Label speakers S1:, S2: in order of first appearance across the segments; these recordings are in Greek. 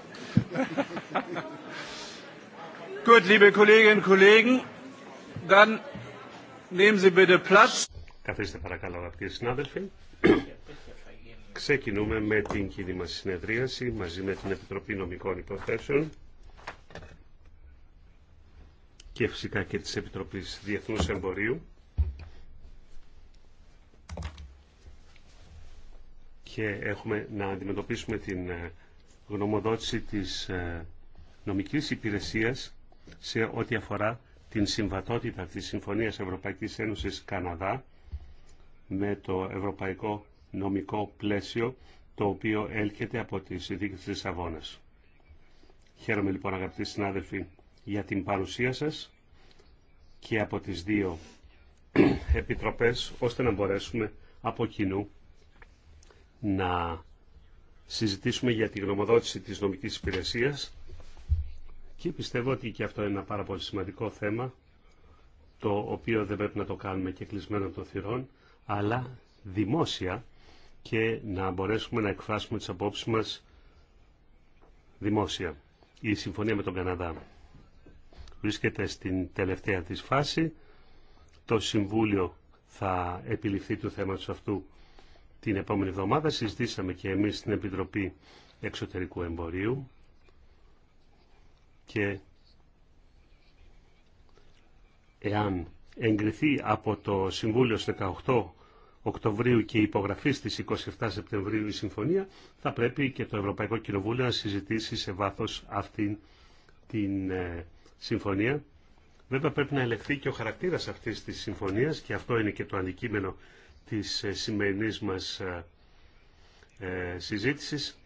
S1: Gut, liebe Kolleginnen und Kollegen, dann nehmen Sie bitte Platz.
S2: Καθίστε παρακαλώ αγαπητοί συνάδελφοι. Ξεκινούμε με την κοινή μας συνεδρίαση μαζί με την Επιτροπή Νομικών Υποθέσεων και φυσικά και της Επιτροπής Διεθνούς Εμπορίου. Και έχουμε να αντιμετωπίσουμε την ε, γνωμοδότηση της ε, νομικής υπηρεσίας σε ό,τι αφορά την συμβατότητα της Συμφωνίας Ευρωπαϊκής Ένωσης Καναδά με το Ευρωπαϊκό Νομικό Πλαίσιο το οποίο έλκεται από τις συνθήκη της Λισαβόνας. Χαίρομαι λοιπόν αγαπητοί συνάδελφοι για την παρουσία σας και από τις δύο επιτροπές ώστε να μπορέσουμε από κοινού να συζητήσουμε για τη γνωμοδότηση της νομικής υπηρεσίας και πιστεύω ότι και αυτό είναι ένα πάρα πολύ σημαντικό θέμα το οποίο δεν πρέπει να το κάνουμε και κλεισμένο των θυρών αλλά δημόσια και να μπορέσουμε να εκφράσουμε τις απόψεις μας δημόσια. Η συμφωνία με τον Καναδά βρίσκεται στην τελευταία της φάση. Το Συμβούλιο θα επιληφθεί του θέματος αυτού την επόμενη εβδομάδα συζητήσαμε και εμείς στην Επιτροπή Εξωτερικού Εμπορίου και εάν εγκριθεί από το Συμβούλιο στις 18 Οκτωβρίου και η υπογραφή στις 27 Σεπτεμβρίου η συμφωνία, θα πρέπει και το Ευρωπαϊκό Κοινοβούλιο να συζητήσει σε βάθος αυτήν την ε, συμφωνία. Βέβαια πρέπει να ελεχθεί και ο χαρακτήρας αυτής της συμφωνίας και αυτό είναι και το αντικείμενο της ε, σημερινής μας ε, ε, συζήτησης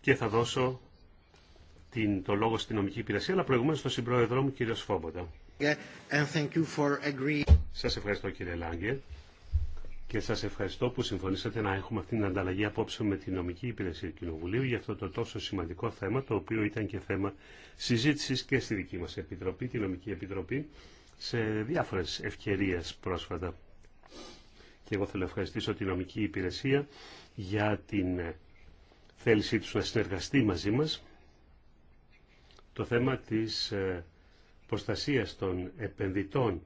S2: και θα δώσω την, το λόγο στην νομική υπηρεσία, αλλά προηγουμένως στον συμπρόεδρό μου, κύριο Σφόμποτα. Σας ευχαριστώ κύριε Λάγκε και σας ευχαριστώ που συμφωνήσατε να έχουμε αυτή την ανταλλαγή απόψε με την νομική υπηρεσία του Κοινοβουλίου για αυτό το τόσο σημαντικό θέμα, το οποίο ήταν και θέμα συζήτησης και στη δική μας Επιτροπή, τη Νομική Επιτροπή, σε διάφορες ευκαιρίες πρόσφατα. Και εγώ θέλω να ευχαριστήσω τη νομική υπηρεσία για την θέλησή τους να συνεργαστεί μαζί μας. Το θέμα της ε, προστασίας των επενδυτών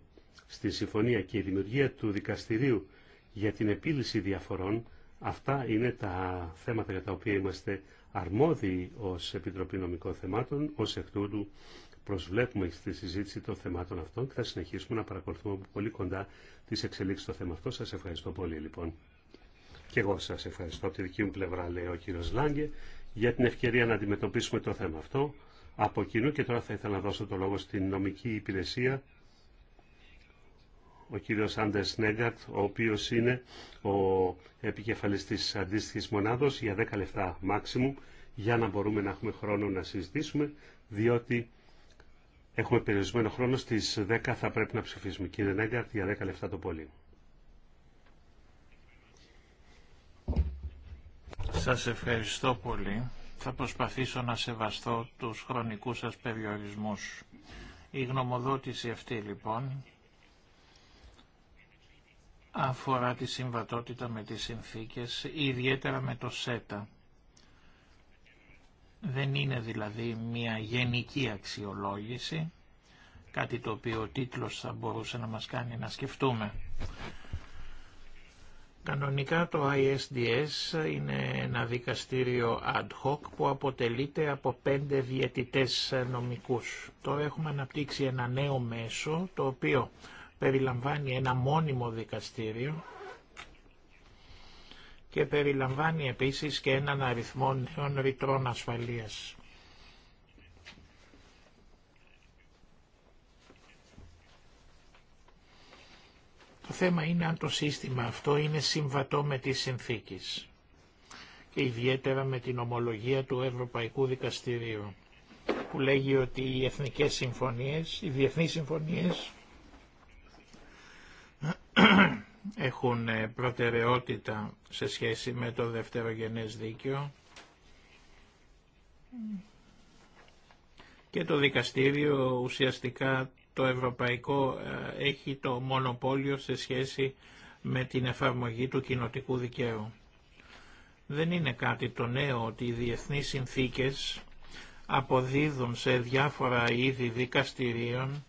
S2: στη συμφωνία και η δημιουργία του δικαστηρίου για την επίλυση διαφορών, αυτά είναι τα θέματα για τα οποία είμαστε αρμόδιοι ως Επιτροπή Νομικών Θεμάτων, ως εκ τούτου προσβλέπουμε στη συζήτηση των θεμάτων αυτών και θα συνεχίσουμε να παρακολουθούμε πολύ κοντά τι εξελίξει στο θέμα αυτό. Σα ευχαριστώ πολύ λοιπόν. Και εγώ σα ευχαριστώ από τη δική μου πλευρά, λέει ο κύριο Λάγκε, για την ευκαιρία να αντιμετωπίσουμε το θέμα αυτό από κοινού και τώρα θα ήθελα να δώσω το λόγο στην νομική υπηρεσία ο κύριος Άντερ Νέγκαρτ, ο οποίος είναι ο επικεφαλής της αντίστοιχης μονάδος για 10 λεπτά μάξιμου για να μπορούμε να έχουμε χρόνο να συζητήσουμε διότι Έχουμε περιορισμένο χρόνο. Στις 10 θα πρέπει να ψηφίσουμε. Κύριε Νέγκαρτ, για 10 λεπτά το πολύ.
S3: Σας ευχαριστώ πολύ. Θα προσπαθήσω να σεβαστώ τους χρονικούς σας περιορισμούς. Η γνωμοδότηση αυτή λοιπόν αφορά τη συμβατότητα με τις συνθήκες, ιδιαίτερα με το ΣΕΤΑ. Δεν είναι δηλαδή μια γενική αξιολόγηση, κάτι το οποίο ο τίτλος θα μπορούσε να μας κάνει να σκεφτούμε. Κανονικά το ISDS είναι ένα δικαστήριο ad hoc που αποτελείται από πέντε διαιτητές νομικούς. Τώρα έχουμε αναπτύξει ένα νέο μέσο το οποίο περιλαμβάνει ένα μόνιμο δικαστήριο και περιλαμβάνει επίσης και έναν αριθμό νέων ρητρών ασφαλείας. Το θέμα είναι αν το σύστημα αυτό είναι συμβατό με τις συνθήκες και ιδιαίτερα με την ομολογία του Ευρωπαϊκού Δικαστηρίου που λέγει ότι οι εθνικές συμφωνίες, οι διεθνείς συμφωνίες έχουν ε, προτεραιότητα σε σχέση με το δευτερογενές δίκαιο και το δικαστήριο ουσιαστικά το ευρωπαϊκό ε, έχει το μονοπόλιο σε σχέση με την εφαρμογή του κοινοτικού δικαίου. Δεν είναι κάτι το νέο ότι οι διεθνείς συνθήκες αποδίδουν σε διάφορα είδη δικαστηρίων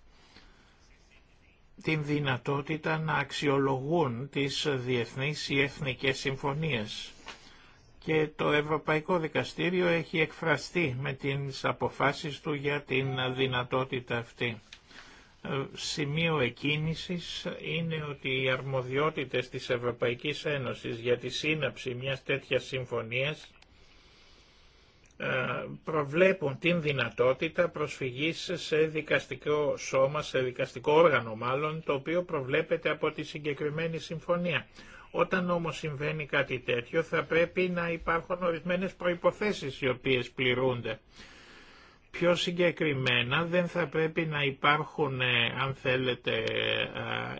S3: την δυνατότητα να αξιολογούν τις διεθνείς ή εθνικές συμφωνίες. Και το Ευρωπαϊκό Δικαστήριο έχει εκφραστεί με την αποφάσεις του για την δυνατότητα αυτή. Ε, σημείο εκκίνησης είναι ότι οι αρμοδιότητες της Ευρωπαϊκής Ένωσης για τη σύναψη μιας τέτοιας συμφωνίας ε, προβλέπουν την δυνατότητα προσφυγής σε δικαστικό σώμα, σε δικαστικό όργανο μάλλον, το οποίο προβλέπεται από τη συγκεκριμένη συμφωνία. Όταν όμως συμβαίνει κάτι τέτοιο θα πρέπει να υπάρχουν ορισμένες προϋποθέσεις οι οποίες πληρούνται. Πιο συγκεκριμένα δεν θα πρέπει να υπάρχουν, ε, αν θέλετε,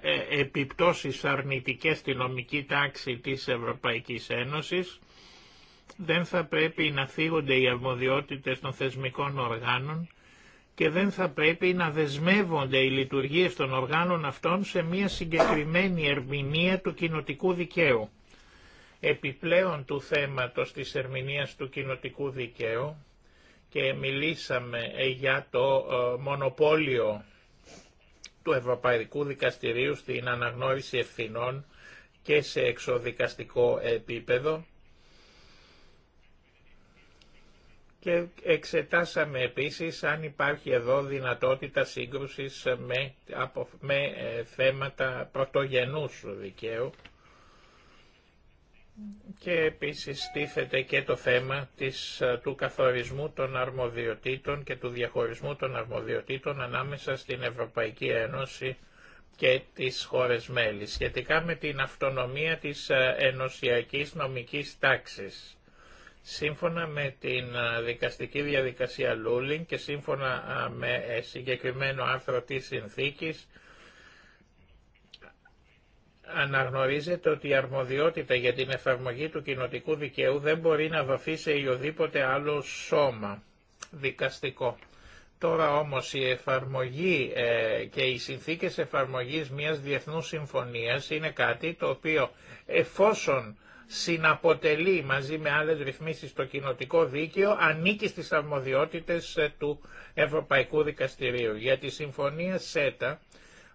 S3: ε, επιπτώσεις αρνητικές στη νομική τάξη της Ευρωπαϊκής Ένωσης, δεν θα πρέπει να θίγονται οι αρμοδιότητες των θεσμικών οργάνων και δεν θα πρέπει να δεσμεύονται οι λειτουργίες των οργάνων αυτών σε μια συγκεκριμένη ερμηνεία του κοινοτικού δικαίου. Επιπλέον του θέματος της ερμηνείας του κοινοτικού δικαίου και μιλήσαμε ε, για το ε, μονοπόλιο του Ευρωπαϊκού Δικαστηρίου στην αναγνώριση ευθυνών και σε εξοδικαστικό επίπεδο και εξετάσαμε επίσης αν υπάρχει εδώ δυνατότητα σύγκρουσης με, με ε, θέματα πρωτογενούς δικαίου και επίσης στήθεται και το θέμα της, ε, του καθορισμού των αρμοδιοτήτων και του διαχωρισμού των αρμοδιοτήτων ανάμεσα στην Ευρωπαϊκή Ένωση και τις χώρες μέλη σχετικά με την αυτονομία της ε, ενωσιακής νομικής τάξης. Σύμφωνα με την δικαστική διαδικασία Λούλιν και σύμφωνα με ε, συγκεκριμένο άρθρο της συνθήκης, αναγνωρίζεται ότι η αρμοδιότητα για την εφαρμογή του κοινοτικού δικαίου δεν μπορεί να βαφεί σε οποιοδήποτε άλλο σώμα δικαστικό. Τώρα όμως η εφαρμογή ε, και οι συνθήκες εφαρμογής μιας διεθνούς συμφωνίας είναι κάτι το οποίο εφόσον συναποτελεί μαζί με άλλες ρυθμίσεις το κοινοτικό δίκαιο, ανήκει στις αρμοδιότητες ε, του Ευρωπαϊκού Δικαστηρίου. Για τη Συμφωνία ΣΕΤΑ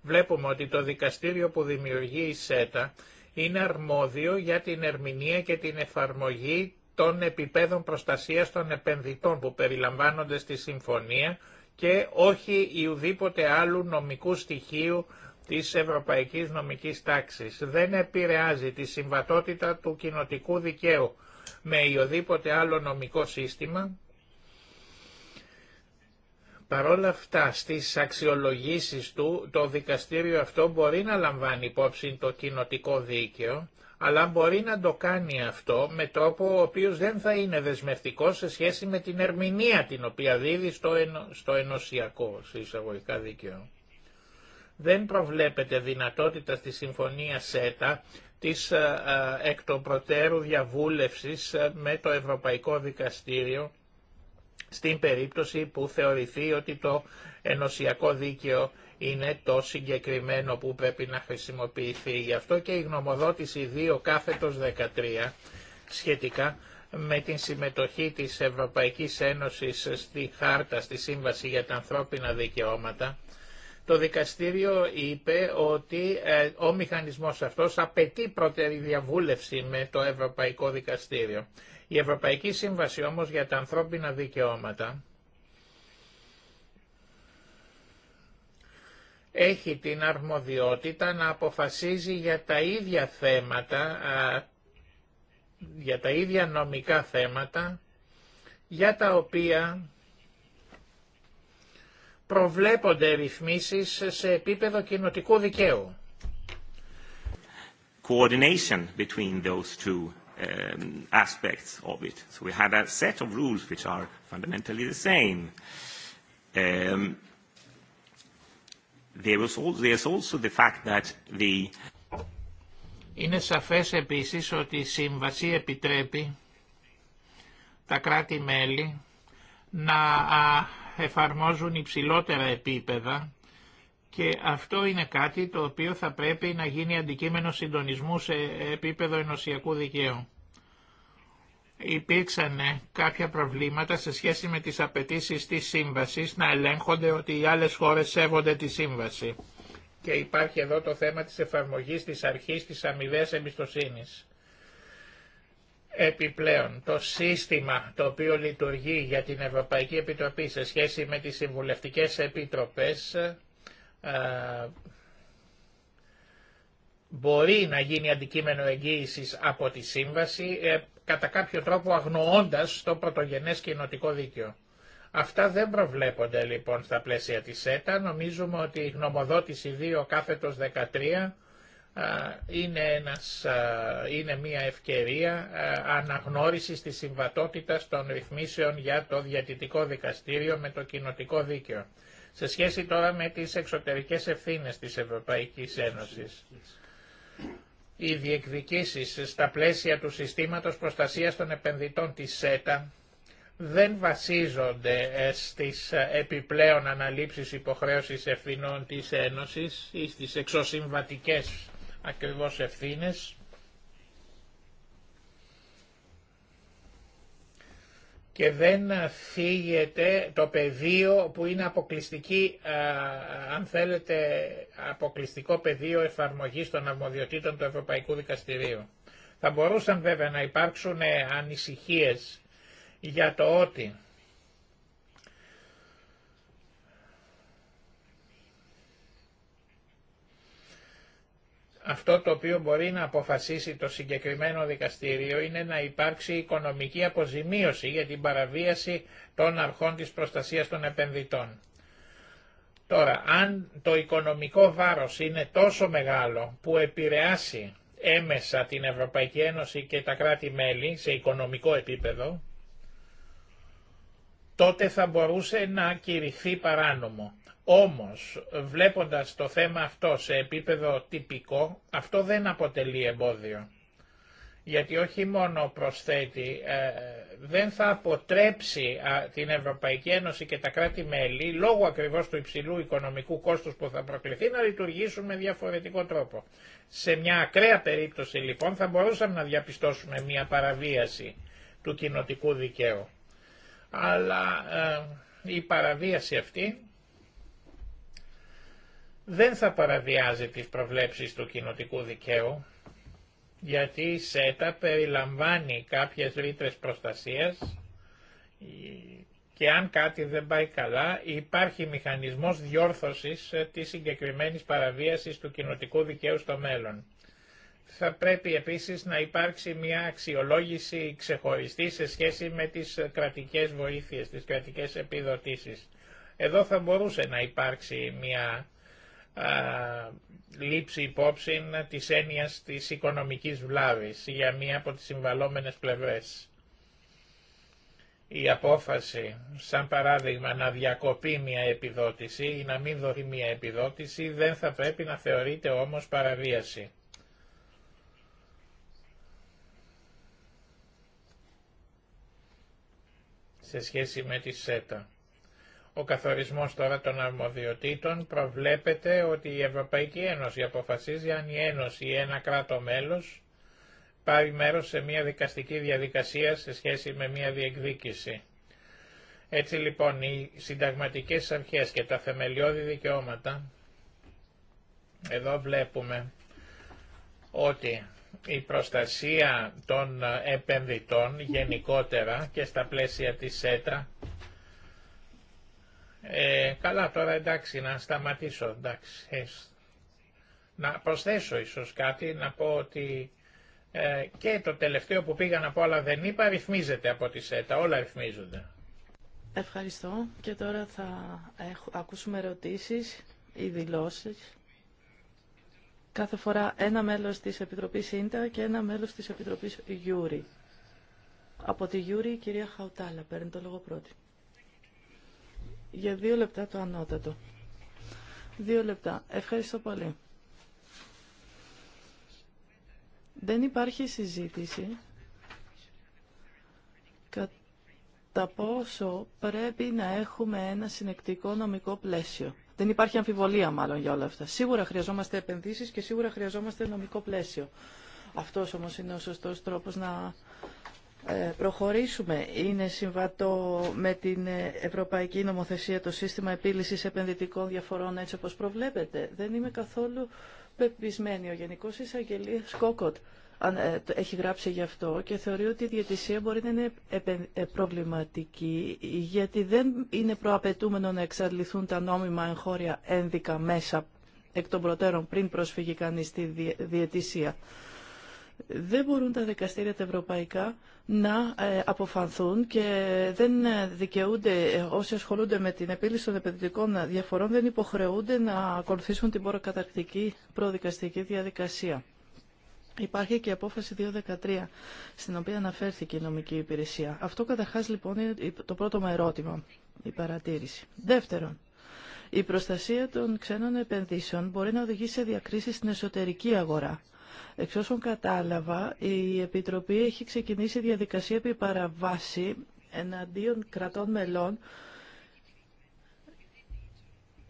S3: βλέπουμε ότι το δικαστήριο που δημιουργεί η ΣΕΤΑ είναι αρμόδιο για την ερμηνεία και την εφαρμογή των επιπέδων προστασίας των επενδυτών που περιλαμβάνονται στη Συμφωνία και όχι ουδίποτε άλλου νομικού στοιχείου της Ευρωπαϊκής Νομικής Τάξης δεν επηρεάζει τη συμβατότητα του κοινοτικού δικαίου με οποιοδήποτε άλλο νομικό σύστημα, παρόλα αυτά στις αξιολογήσεις του το δικαστήριο αυτό μπορεί να λαμβάνει υπόψη το κοινοτικό δίκαιο, αλλά μπορεί να το κάνει αυτό με τρόπο ο οποίος δεν θα είναι δεσμευτικό σε σχέση με την ερμηνεία την οποία δίδει στο, ενωσιακό, σε εισαγωγικά δίκαιο δεν προβλέπεται δυνατότητα στη Συμφωνία ΣΕΤΑ της ε, ε, εκ των προτέρου διαβούλευσης ε, με το Ευρωπαϊκό Δικαστήριο στην περίπτωση που θεωρηθεί ότι το ενωσιακό δίκαιο είναι το συγκεκριμένο που πρέπει να χρησιμοποιηθεί. Γι' αυτό και η γνωμοδότηση 2 κάθετος 13 σχετικά με την συμμετοχή της Ευρωπαϊκής Ένωσης στη Χάρτα στη Σύμβαση για τα Ανθρώπινα Δικαιώματα το δικαστήριο είπε ότι ε, ο μηχανισμός αυτός απαιτεί πρώτερη διαβούλευση με το Ευρωπαϊκό Δικαστήριο. Η Ευρωπαϊκή Σύμβαση όμως για τα ανθρώπινα δικαιώματα έχει την αρμοδιότητα να αποφασίζει για τα ίδια θέματα, για τα ίδια νομικά θέματα, για τα οποία προβλέπονται ρυθμίσεις σε επίπεδο κοινοτικού δικαίου.
S2: Coordination between those two aspects of it. So we had a set of rules which are fundamentally the same. Um, There was also, there's also the fact that the...
S3: Είναι σαφές επίσης ότι η Σύμβαση επιτρέπει τα κράτη-μέλη να εφαρμόζουν υψηλότερα επίπεδα και αυτό είναι κάτι το οποίο θα πρέπει να γίνει αντικείμενο συντονισμού σε επίπεδο ενωσιακού δικαίου. Υπήρξαν ε, κάποια προβλήματα σε σχέση με τις απαιτήσεις της σύμβασης να ελέγχονται ότι οι άλλες χώρες σέβονται τη σύμβαση. Και υπάρχει εδώ το θέμα της εφαρμογής της αρχής της αμοιβαίας εμπιστοσύνης. Επιπλέον, το σύστημα το οποίο λειτουργεί για την Ευρωπαϊκή Επιτροπή σε σχέση με τις συμβουλευτικές επιτροπές ε, μπορεί να γίνει αντικείμενο εγγύησης από τη Σύμβαση, ε, κατά κάποιο τρόπο αγνοώντας το πρωτογενές κοινοτικό δίκαιο. Αυτά δεν προβλέπονται λοιπόν στα πλαίσια της ΣΕΤΑ. Νομίζουμε ότι η γνωμοδότηση 2 κάθετος 13 είναι, ένας, είναι μια ευκαιρία αναγνώρισης της συμβατότητας των ρυθμίσεων για το διατητικό δικαστήριο με το κοινοτικό δίκαιο. Σε σχέση τώρα με τις εξωτερικές ευθύνες της Ευρωπαϊκής Ένωσης. Οι διεκδικήσεις στα πλαίσια του συστήματος προστασίας των επενδυτών της ΣΕΤΑ δεν βασίζονται ε, στις ε, επιπλέον αναλήψεις υποχρέωσης ευθυνών της Ένωσης ή στις εξωσυμβατικές ακριβώς ευθύνες και δεν φύγεται το πεδίο που είναι αποκλειστική, αν θέλετε, αποκλειστικό πεδίο εφαρμογής των αρμοδιοτήτων του Ευρωπαϊκού Δικαστηρίου. Θα μπορούσαν βέβαια να υπάρξουν ανησυχίες για το ότι αυτό το οποίο μπορεί να αποφασίσει το συγκεκριμένο δικαστήριο είναι να υπάρξει οικονομική αποζημίωση για την παραβίαση των αρχών της προστασίας των επενδυτών. Τώρα, αν το οικονομικό βάρος είναι τόσο μεγάλο που επηρεάσει έμεσα την Ευρωπαϊκή Ένωση και τα κράτη-μέλη σε οικονομικό επίπεδο, τότε θα μπορούσε να κηρυχθεί παράνομο. Όμως, βλέποντας το θέμα αυτό σε επίπεδο τυπικό, αυτό δεν αποτελεί εμπόδιο. Γιατί όχι μόνο προσθέτει, ε, δεν θα αποτρέψει την Ευρωπαϊκή Ένωση και τα κράτη-μέλη, λόγω ακριβώς του υψηλού οικονομικού κόστους που θα προκληθεί, να λειτουργήσουν με διαφορετικό τρόπο. Σε μια ακραία περίπτωση, λοιπόν, θα μπορούσαμε να διαπιστώσουμε μια παραβίαση του κοινοτικού δικαίου. Αλλά ε, η παραβίαση αυτή δεν θα παραβιάζει τις προβλέψεις του κοινοτικού δικαίου, γιατί η ΣΕΤΑ περιλαμβάνει κάποιες ρήτρες προστασίας και αν κάτι δεν πάει καλά υπάρχει μηχανισμός διόρθωσης ε, της συγκεκριμένης παραβίασης του κοινοτικού δικαίου στο μέλλον. Θα πρέπει επίσης να υπάρξει μια αξιολόγηση ξεχωριστή σε σχέση με τις κρατικές βοήθειες, τις κρατικές επιδοτήσεις. Εδώ θα μπορούσε να υπάρξει μια ε, λήψη υπόψη της έννοιας της οικονομικής βλάβης για μία από τις συμβαλόμενες πλευρές. Η απόφαση, σαν παράδειγμα, να διακοπεί μια επιδότηση ή να μην δοθεί μια επιδότηση δεν θα πρέπει να θεωρείται όμως παραβίαση. σε σχέση με τη ΣΕΤΑ. Ο καθορισμός τώρα των αρμοδιοτήτων προβλέπεται ότι η Ευρωπαϊκή Ένωση αποφασίζει αν η Ένωση ή ένα κράτο μέλος πάρει μέρος σε μια δικαστική διαδικασία σε σχέση με μια διεκδίκηση. Έτσι λοιπόν οι συνταγματικές αρχές και τα θεμελιώδη δικαιώματα εδώ βλέπουμε ότι η προστασία των επενδυτών γενικότερα και στα πλαίσια της ΣΕΤΑ ε, καλά τώρα εντάξει να σταματήσω εντάξει. να προσθέσω ίσως κάτι να πω ότι ε, και το τελευταίο που πήγα να πω αλλά δεν είπα ρυθμίζεται από τη ΣΕΤΑ. Όλα ρυθμίζονται.
S1: Ευχαριστώ και τώρα θα ακούσουμε ερωτήσεις ή δηλώσεις. Κάθε φορά ένα μέλος της Επιτροπής ΣΥΝΤΑ και ένα μέλος της Επιτροπής Γιούρι. Από τη Γιούρι η κυρία Χαουτάλα παίρνει το λόγο πρώτη. Για δύο λεπτά το ανώτατο. Δύο λεπτά. Ευχαριστώ πολύ. Δεν υπάρχει συζήτηση κατά πόσο πρέπει να έχουμε ένα συνεκτικό νομικό πλαίσιο. Δεν υπάρχει αμφιβολία μάλλον για όλα αυτά. Σίγουρα χρειαζόμαστε επενδύσεις και σίγουρα χρειαζόμαστε νομικό πλαίσιο. Αυτός όμως είναι ο σωστός τρόπος να ε, προχωρήσουμε. Είναι συμβατό με την Ευρωπαϊκή Νομοθεσία το σύστημα επίλυσης επενδυτικών διαφορών έτσι όπως προβλέπετε. Δεν είμαι καθόλου πεπισμένη. Ο Γενικός Εισαγγελίας Κόκοτ ε, έχει γράψει γι' αυτό και θεωρεί ότι η διαιτησία μπορεί να είναι ε, προβληματική γιατί δεν είναι προαπαιτούμενο να εξαντληθούν τα νόμιμα εγχώρια ένδικα μέσα εκ των προτέρων πριν προσφύγει κανείς στη διαιτησία δεν μπορούν τα δικαστήρια τα ευρωπαϊκά να ε, αποφανθούν και δεν δικαιούνται ε, όσοι ασχολούνται με την επίλυση των επενδυτικών διαφορών δεν υποχρεούνται να ακολουθήσουν την προκαταρκτική προδικαστική διαδικασία. Υπάρχει και η απόφαση 213, στην οποία αναφέρθηκε η νομική υπηρεσία. Αυτό καταρχάς λοιπόν είναι το πρώτο μου ερώτημα, η παρατήρηση. Δεύτερον, η προστασία των ξένων επενδύσεων μπορεί να οδηγήσει σε διακρίσεις στην εσωτερική αγορά. Εξ όσων κατάλαβα, η Επιτροπή έχει ξεκινήσει διαδικασία επί παραβάση εναντίον κρατών μελών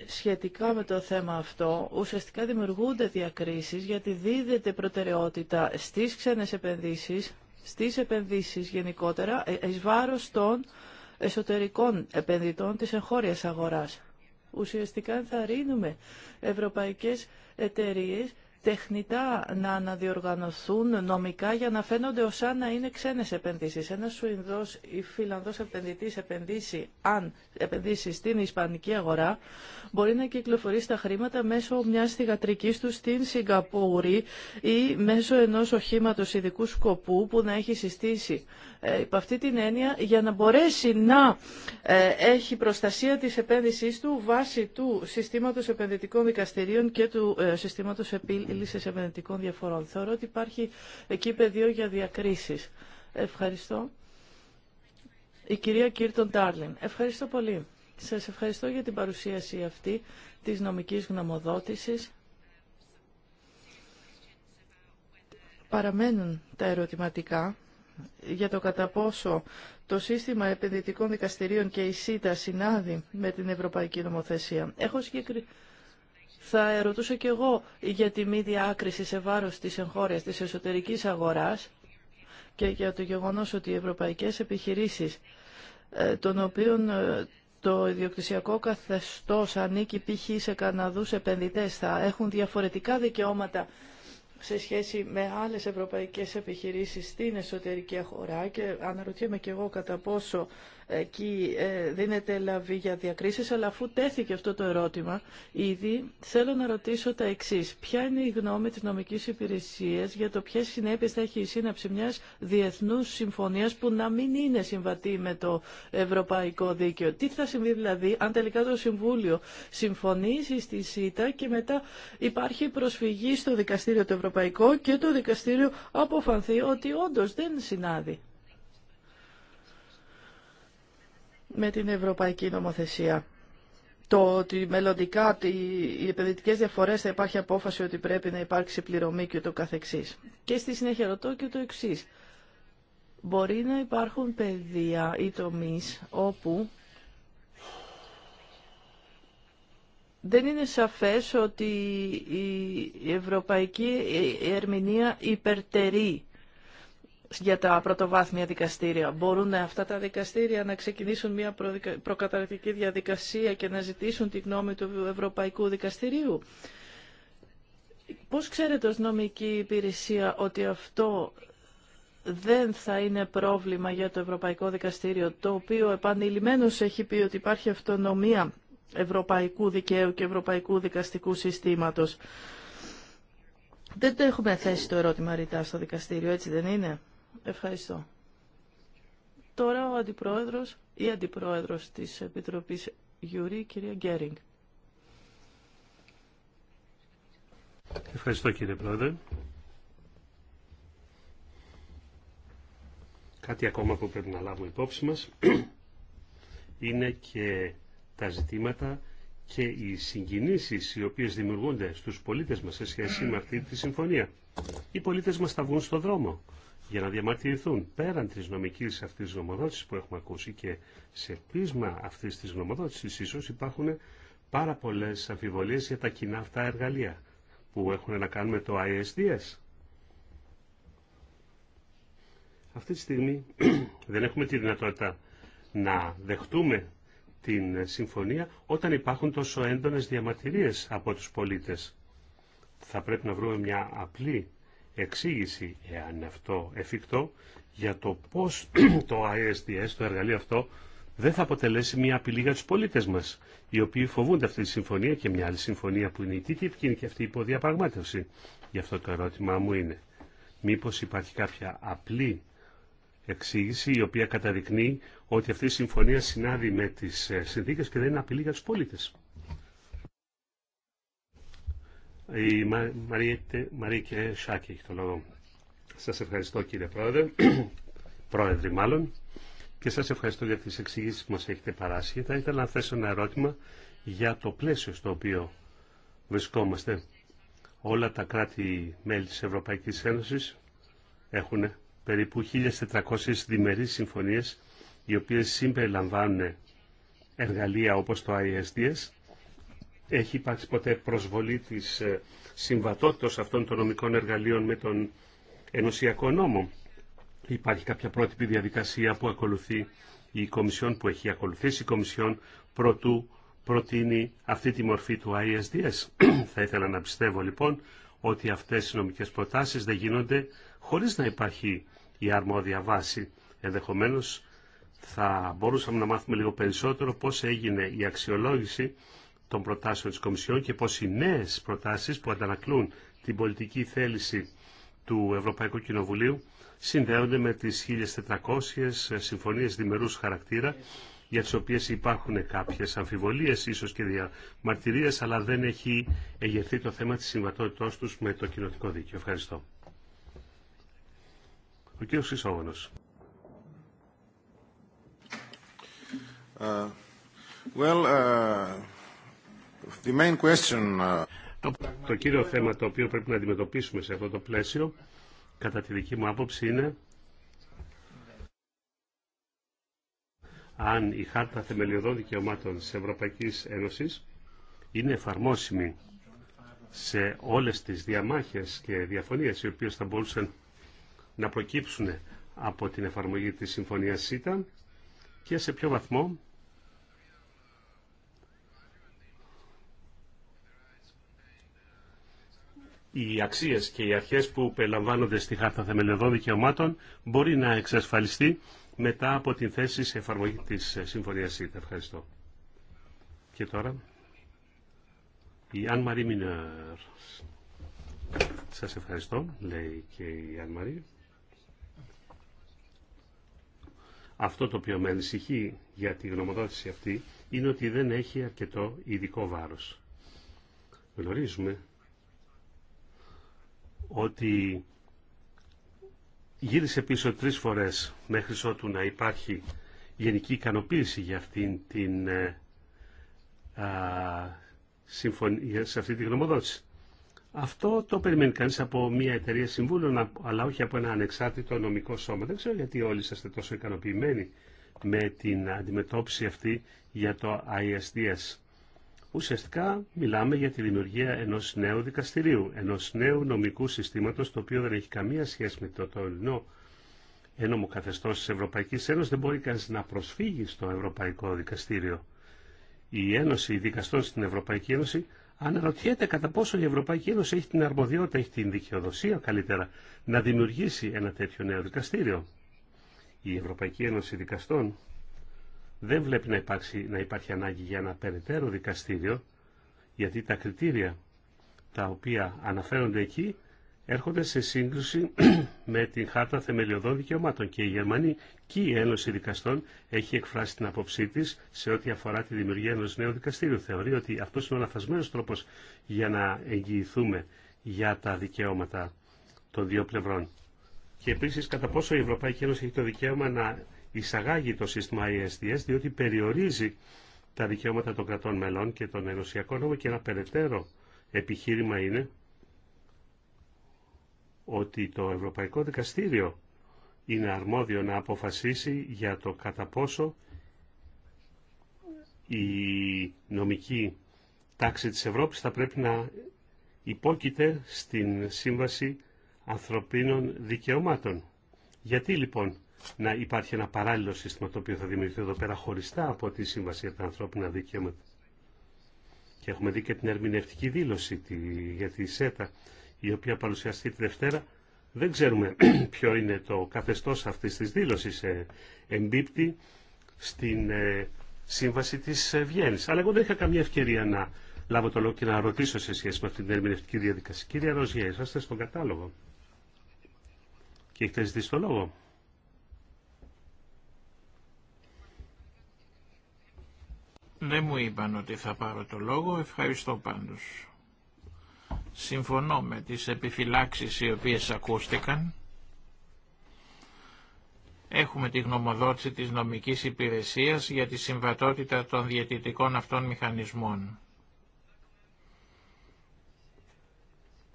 S1: σχετικά με το θέμα αυτό, ουσιαστικά δημιουργούνται διακρίσεις γιατί δίδεται προτεραιότητα στις ξένες επενδύσεις, στις επενδύσεις γενικότερα, εις βάρος των εσωτερικών επενδυτών της εγχώριας αγοράς. Ουσιαστικά ενθαρρύνουμε ευρωπαϊκές εταιρείες τεχνητά να αναδιοργανωθούν νομικά για να φαίνονται ως αν να είναι ξένες επενδύσεις. Ένας Σουηδός ή Φιλανδός επενδυτής επενδύσει, αν επενδύσει στην Ισπανική αγορά, μπορεί να κυκλοφορεί τα χρήματα μέσω μιας θηγατρικής του στην Σιγκαπούρη ή μέσω ενός οχήματος ειδικού σκοπού που να έχει συστήσει. Ε, υπ' αυτή την έννοια, για να μπορέσει να ε, έχει προστασία της επένδυσής του βάσει του συστήματος επενδυτικών δικαστηρίων και του ε, συστήματος επίλυσης επενδυτικών διαφορών. Θεωρώ ότι υπάρχει εκεί πεδίο για διακρίσεις. Ευχαριστώ. Η κυρία Κίρτον Τάρλιν. Ευχαριστώ πολύ. Σας ευχαριστώ για την παρουσίαση αυτή της νομικής γνωμοδότησης. Παραμένουν τα ερωτηματικά για το κατά πόσο το σύστημα επενδυτικών δικαστηρίων και η ΣΥΤΑ συνάδει με την Ευρωπαϊκή Νομοθεσία. Έχω συγκεκριμένο θα ερωτούσα και εγώ για τη μη διάκριση σε βάρος της εγχώριας της εσωτερικής αγοράς και για το γεγονός ότι οι ευρωπαϊκές επιχειρήσεις ε, των οποίων ε, το ιδιοκτησιακό καθεστώς ανήκει π.χ. σε Καναδούς επενδυτές θα έχουν διαφορετικά δικαιώματα σε σχέση με άλλες ευρωπαϊκές επιχειρήσεις στην εσωτερική αγορά και αναρωτιέμαι και εγώ κατά πόσο εκεί ε, δίνεται λαβή για διακρίσεις, αλλά αφού τέθηκε αυτό το ερώτημα ήδη, θέλω να ρωτήσω τα εξής. Ποια είναι η γνώμη της νομικής υπηρεσίας για το ποιες συνέπειες θα έχει η σύναψη μιας διεθνούς συμφωνίας που να μην είναι συμβατή με το ευρωπαϊκό δίκαιο. Τι θα συμβεί δηλαδή αν τελικά το Συμβούλιο συμφωνήσει στη ΣΥΤΑ και μετά υπάρχει προσφυγή στο Δικαστήριο του ευρωπαϊκό και το δικαστήριο αποφανθεί ότι όντως δεν συνάδει με την ευρωπαϊκή νομοθεσία. Το ότι μελλοντικά οι επενδυτικέ διαφορέ θα υπάρχει απόφαση ότι πρέπει να υπάρξει πληρωμή και το καθεξής. Και στη συνέχεια ρωτώ και το εξή. Μπορεί να υπάρχουν πεδία ή τομεί όπου δεν είναι σαφές ότι η ευρωπαϊκή ερμηνεία υπερτερεί για τα πρωτοβάθμια δικαστήρια. Μπορούν αυτά τα δικαστήρια να ξεκινήσουν μια προκαταρκτική διαδικασία και να ζητήσουν τη γνώμη του Ευρωπαϊκού Δικαστηρίου. Πώς ξέρετε ως νομική υπηρεσία ότι αυτό δεν θα είναι πρόβλημα για το Ευρωπαϊκό Δικαστήριο, το οποίο επανειλημμένως έχει πει ότι υπάρχει αυτονομία ευρωπαϊκού δικαίου και ευρωπαϊκού δικαστικού συστήματος. Δεν το έχουμε θέσει το ερώτημα ρητά στο δικαστήριο, έτσι δεν είναι. Ευχαριστώ. Τώρα ο Αντιπρόεδρος ή Αντιπρόεδρος της Επιτροπής Γιουρή, κυρία Γκέρινγκ.
S2: Ευχαριστώ κύριε Πρόεδρε. Κάτι ακόμα που πρέπει να λάβουμε υπόψη μας είναι και τα ζητήματα και οι συγκινήσεις οι οποίες δημιουργούνται στους πολίτες μας σε σχέση με αυτή τη συμφωνία. Οι πολίτες μας θα βγουν στον δρόμο για να διαμαρτυρηθούν πέραν της νομικής αυτής της γνωμοδότησης που έχουμε ακούσει και σε πείσμα αυτής της γνωμοδότησης ίσως υπάρχουν πάρα πολλές αμφιβολίες για τα κοινά αυτά εργαλεία που έχουν να κάνουν με το ISDS. Αυτή τη στιγμή δεν έχουμε τη δυνατότητα να δεχτούμε την συμφωνία όταν υπάρχουν τόσο έντονες διαμαρτυρίες από τους πολίτες. Θα πρέπει να βρούμε μια απλή εξήγηση, εάν αυτό εφικτό, για το πώς το ISDS, το εργαλείο αυτό, δεν θα αποτελέσει μια απειλή για τους πολίτες μας, οι οποίοι φοβούνται αυτή τη συμφωνία και μια άλλη συμφωνία που είναι η TTIP και είναι και αυτή η υποδιαπραγμάτευση. Γι' αυτό το ερώτημά μου είναι, μήπως υπάρχει κάποια απλή εξήγηση η οποία καταδεικνύει ότι αυτή η συμφωνία συνάδει με τις ε, συνθήκες και δεν είναι απειλή για τους πολίτες. Η Μα... Μαρία Σάκη έχει το λόγο. Σας ευχαριστώ κύριε Πρόεδρε, Πρόεδρε μάλλον, και σας ευχαριστώ για τις εξηγήσεις που μας έχετε παράσχει. Θα ήθελα να θέσω ένα ερώτημα για το πλαίσιο στο οποίο βρισκόμαστε. Όλα τα κράτη-μέλη της Ευρωπαϊκής Ένωσης έχουν περίπου 1.400 διμερείς συμφωνίες οι οποίες συμπεριλαμβάνουν εργαλεία όπως το ISDS. Έχει υπάρξει ποτέ προσβολή της ε, συμβατότητας αυτών των νομικών εργαλείων με τον ενωσιακό νόμο. Υπάρχει κάποια πρότυπη διαδικασία που ακολουθεί η Κομισιόν, που έχει ακολουθήσει η Κομισιόν, προτού προτείνει αυτή τη μορφή του ISDS. Θα ήθελα να πιστεύω λοιπόν ότι αυτές οι νομικές προτάσεις δεν γίνονται χωρίς να υπάρχει η αρμόδια βάση. Ενδεχομένως θα μπορούσαμε να μάθουμε λίγο περισσότερο πώς έγινε η αξιολόγηση των προτάσεων της Κομισιόν και πώς οι νέες προτάσεις που αντανακλούν την πολιτική θέληση του Ευρωπαϊκού Κοινοβουλίου συνδέονται με τις 1.400 συμφωνίες διμερούς χαρακτήρα για τις οποίες υπάρχουν κάποιες αμφιβολίες ίσως και διαμαρτυρίες αλλά δεν έχει εγερθεί το θέμα της συμβατότητός τους με το κοινοτικό δίκαιο. Ευχαριστώ. Ο κ. Uh, uh, uh, το, κύριο θέμα το οποίο πρέπει να αντιμετωπίσουμε σε αυτό το πλαίσιο, κατά τη δική μου άποψη, είναι αν η Χάρτα Θεμελιωδών Δικαιωμάτων της Ευρωπαϊκής Ένωσης είναι εφαρμόσιμη σε όλες τις διαμάχες και διαφωνίες οι οποίες θα μπορούσαν να προκύψουν από την εφαρμογή της Συμφωνίας ΣΥΤΑ και σε ποιο βαθμό οι αξίες και οι αρχές που περιλαμβάνονται στη Χάρτα Θεμελιωδών Δικαιωμάτων μπορεί να εξασφαλιστεί μετά από την θέση σε εφαρμογή της Συμφωνίας ΣΥΤΑ. Ευχαριστώ. Και τώρα η Αν Μαρή Μινέρ. Σας ευχαριστώ, λέει και η Αν Αυτό το οποίο με ανησυχεί για τη γνωμοδότηση αυτή είναι ότι δεν έχει αρκετό ειδικό βάρος. Γνωρίζουμε ότι γύρισε πίσω τρεις φορές μέχρι ότου να υπάρχει γενική ικανοποίηση για αυτήν την, ε, α, συμφωνία, σε αυτή τη γνωμοδότηση. Αυτό το περιμένει κανείς από μια εταιρεία συμβούλων, αλλά όχι από ένα ανεξάρτητο νομικό σώμα. Δεν ξέρω γιατί όλοι είσαστε τόσο ικανοποιημένοι με την αντιμετώπιση αυτή για το ISDS. Ουσιαστικά μιλάμε για τη δημιουργία ενός νέου δικαστηρίου, ενός νέου νομικού συστήματος, το οποίο δεν έχει καμία σχέση με το τωρινό ένομο καθεστώς της Ευρωπαϊκής Ένωσης. Δεν μπορεί κανείς να προσφύγει στο Ευρωπαϊκό Δικαστήριο. Η Ένωση Δικαστών στην Ευρωπαϊκή Ένωση αναρωτιέται κατά πόσο η Ευρωπαϊκή Ένωση έχει την αρμοδιότητα, έχει την δικαιοδοσία καλύτερα να δημιουργήσει ένα τέτοιο νέο δικαστήριο. Η Ευρωπαϊκή Ένωση Δικαστών δεν βλέπει να, υπάρξει, να υπάρχει ανάγκη για ένα περαιτέρω δικαστήριο, γιατί τα κριτήρια τα οποία αναφέρονται εκεί έρχονται σε σύγκρουση με την Χάρτα Θεμελιωδών Δικαιωμάτων και η Γερμανική Ένωση Δικαστών έχει εκφράσει την άποψή τη σε ό,τι αφορά τη δημιουργία ενό νέου δικαστήριου. Θεωρεί ότι αυτό είναι ο λαθασμένο τρόπο για να εγγυηθούμε για τα δικαιώματα των δύο πλευρών. Και επίση, κατά πόσο η Ευρωπαϊκή Ένωση έχει το δικαίωμα να εισαγάγει το σύστημα ISDS, διότι περιορίζει τα δικαιώματα των κρατών μελών και των ενωσιακών νόμων και ένα περαιτέρω επιχείρημα είναι ότι το Ευρωπαϊκό Δικαστήριο είναι αρμόδιο να αποφασίσει για το κατά πόσο η νομική τάξη της Ευρώπης θα πρέπει να υπόκειται στην Σύμβαση Ανθρωπίνων Δικαιωμάτων. Γιατί λοιπόν να υπάρχει ένα παράλληλο σύστημα το οποίο θα δημιουργηθεί εδώ πέρα χωριστά από τη Σύμβαση για τα Ανθρώπινα Δικαιώματα. Και έχουμε δει και την ερμηνευτική δήλωση για τη ΣΕΤΑ η οποία παρουσιαστεί τη Δευτέρα. Δεν ξέρουμε ποιο είναι το καθεστώς αυτής της δήλωσης ε, στην ε, σύμβαση της ε, Βιέννης. Αλλά εγώ δεν είχα καμία ευκαιρία να λάβω το λόγο και να ρωτήσω σε σχέση με αυτή την ερμηνευτική διαδικασία. Κύριε Ροζιέ, είσαστε στον κατάλογο και έχετε ζητήσει το λόγο.
S3: Δεν μου είπαν ότι θα πάρω το λόγο. Ευχαριστώ πάντως. Συμφωνώ με τις επιφυλάξεις οι οποίες ακούστηκαν. Έχουμε τη γνωμοδότηση της νομικής υπηρεσίας για τη συμβατότητα των διαιτητικών αυτών μηχανισμών.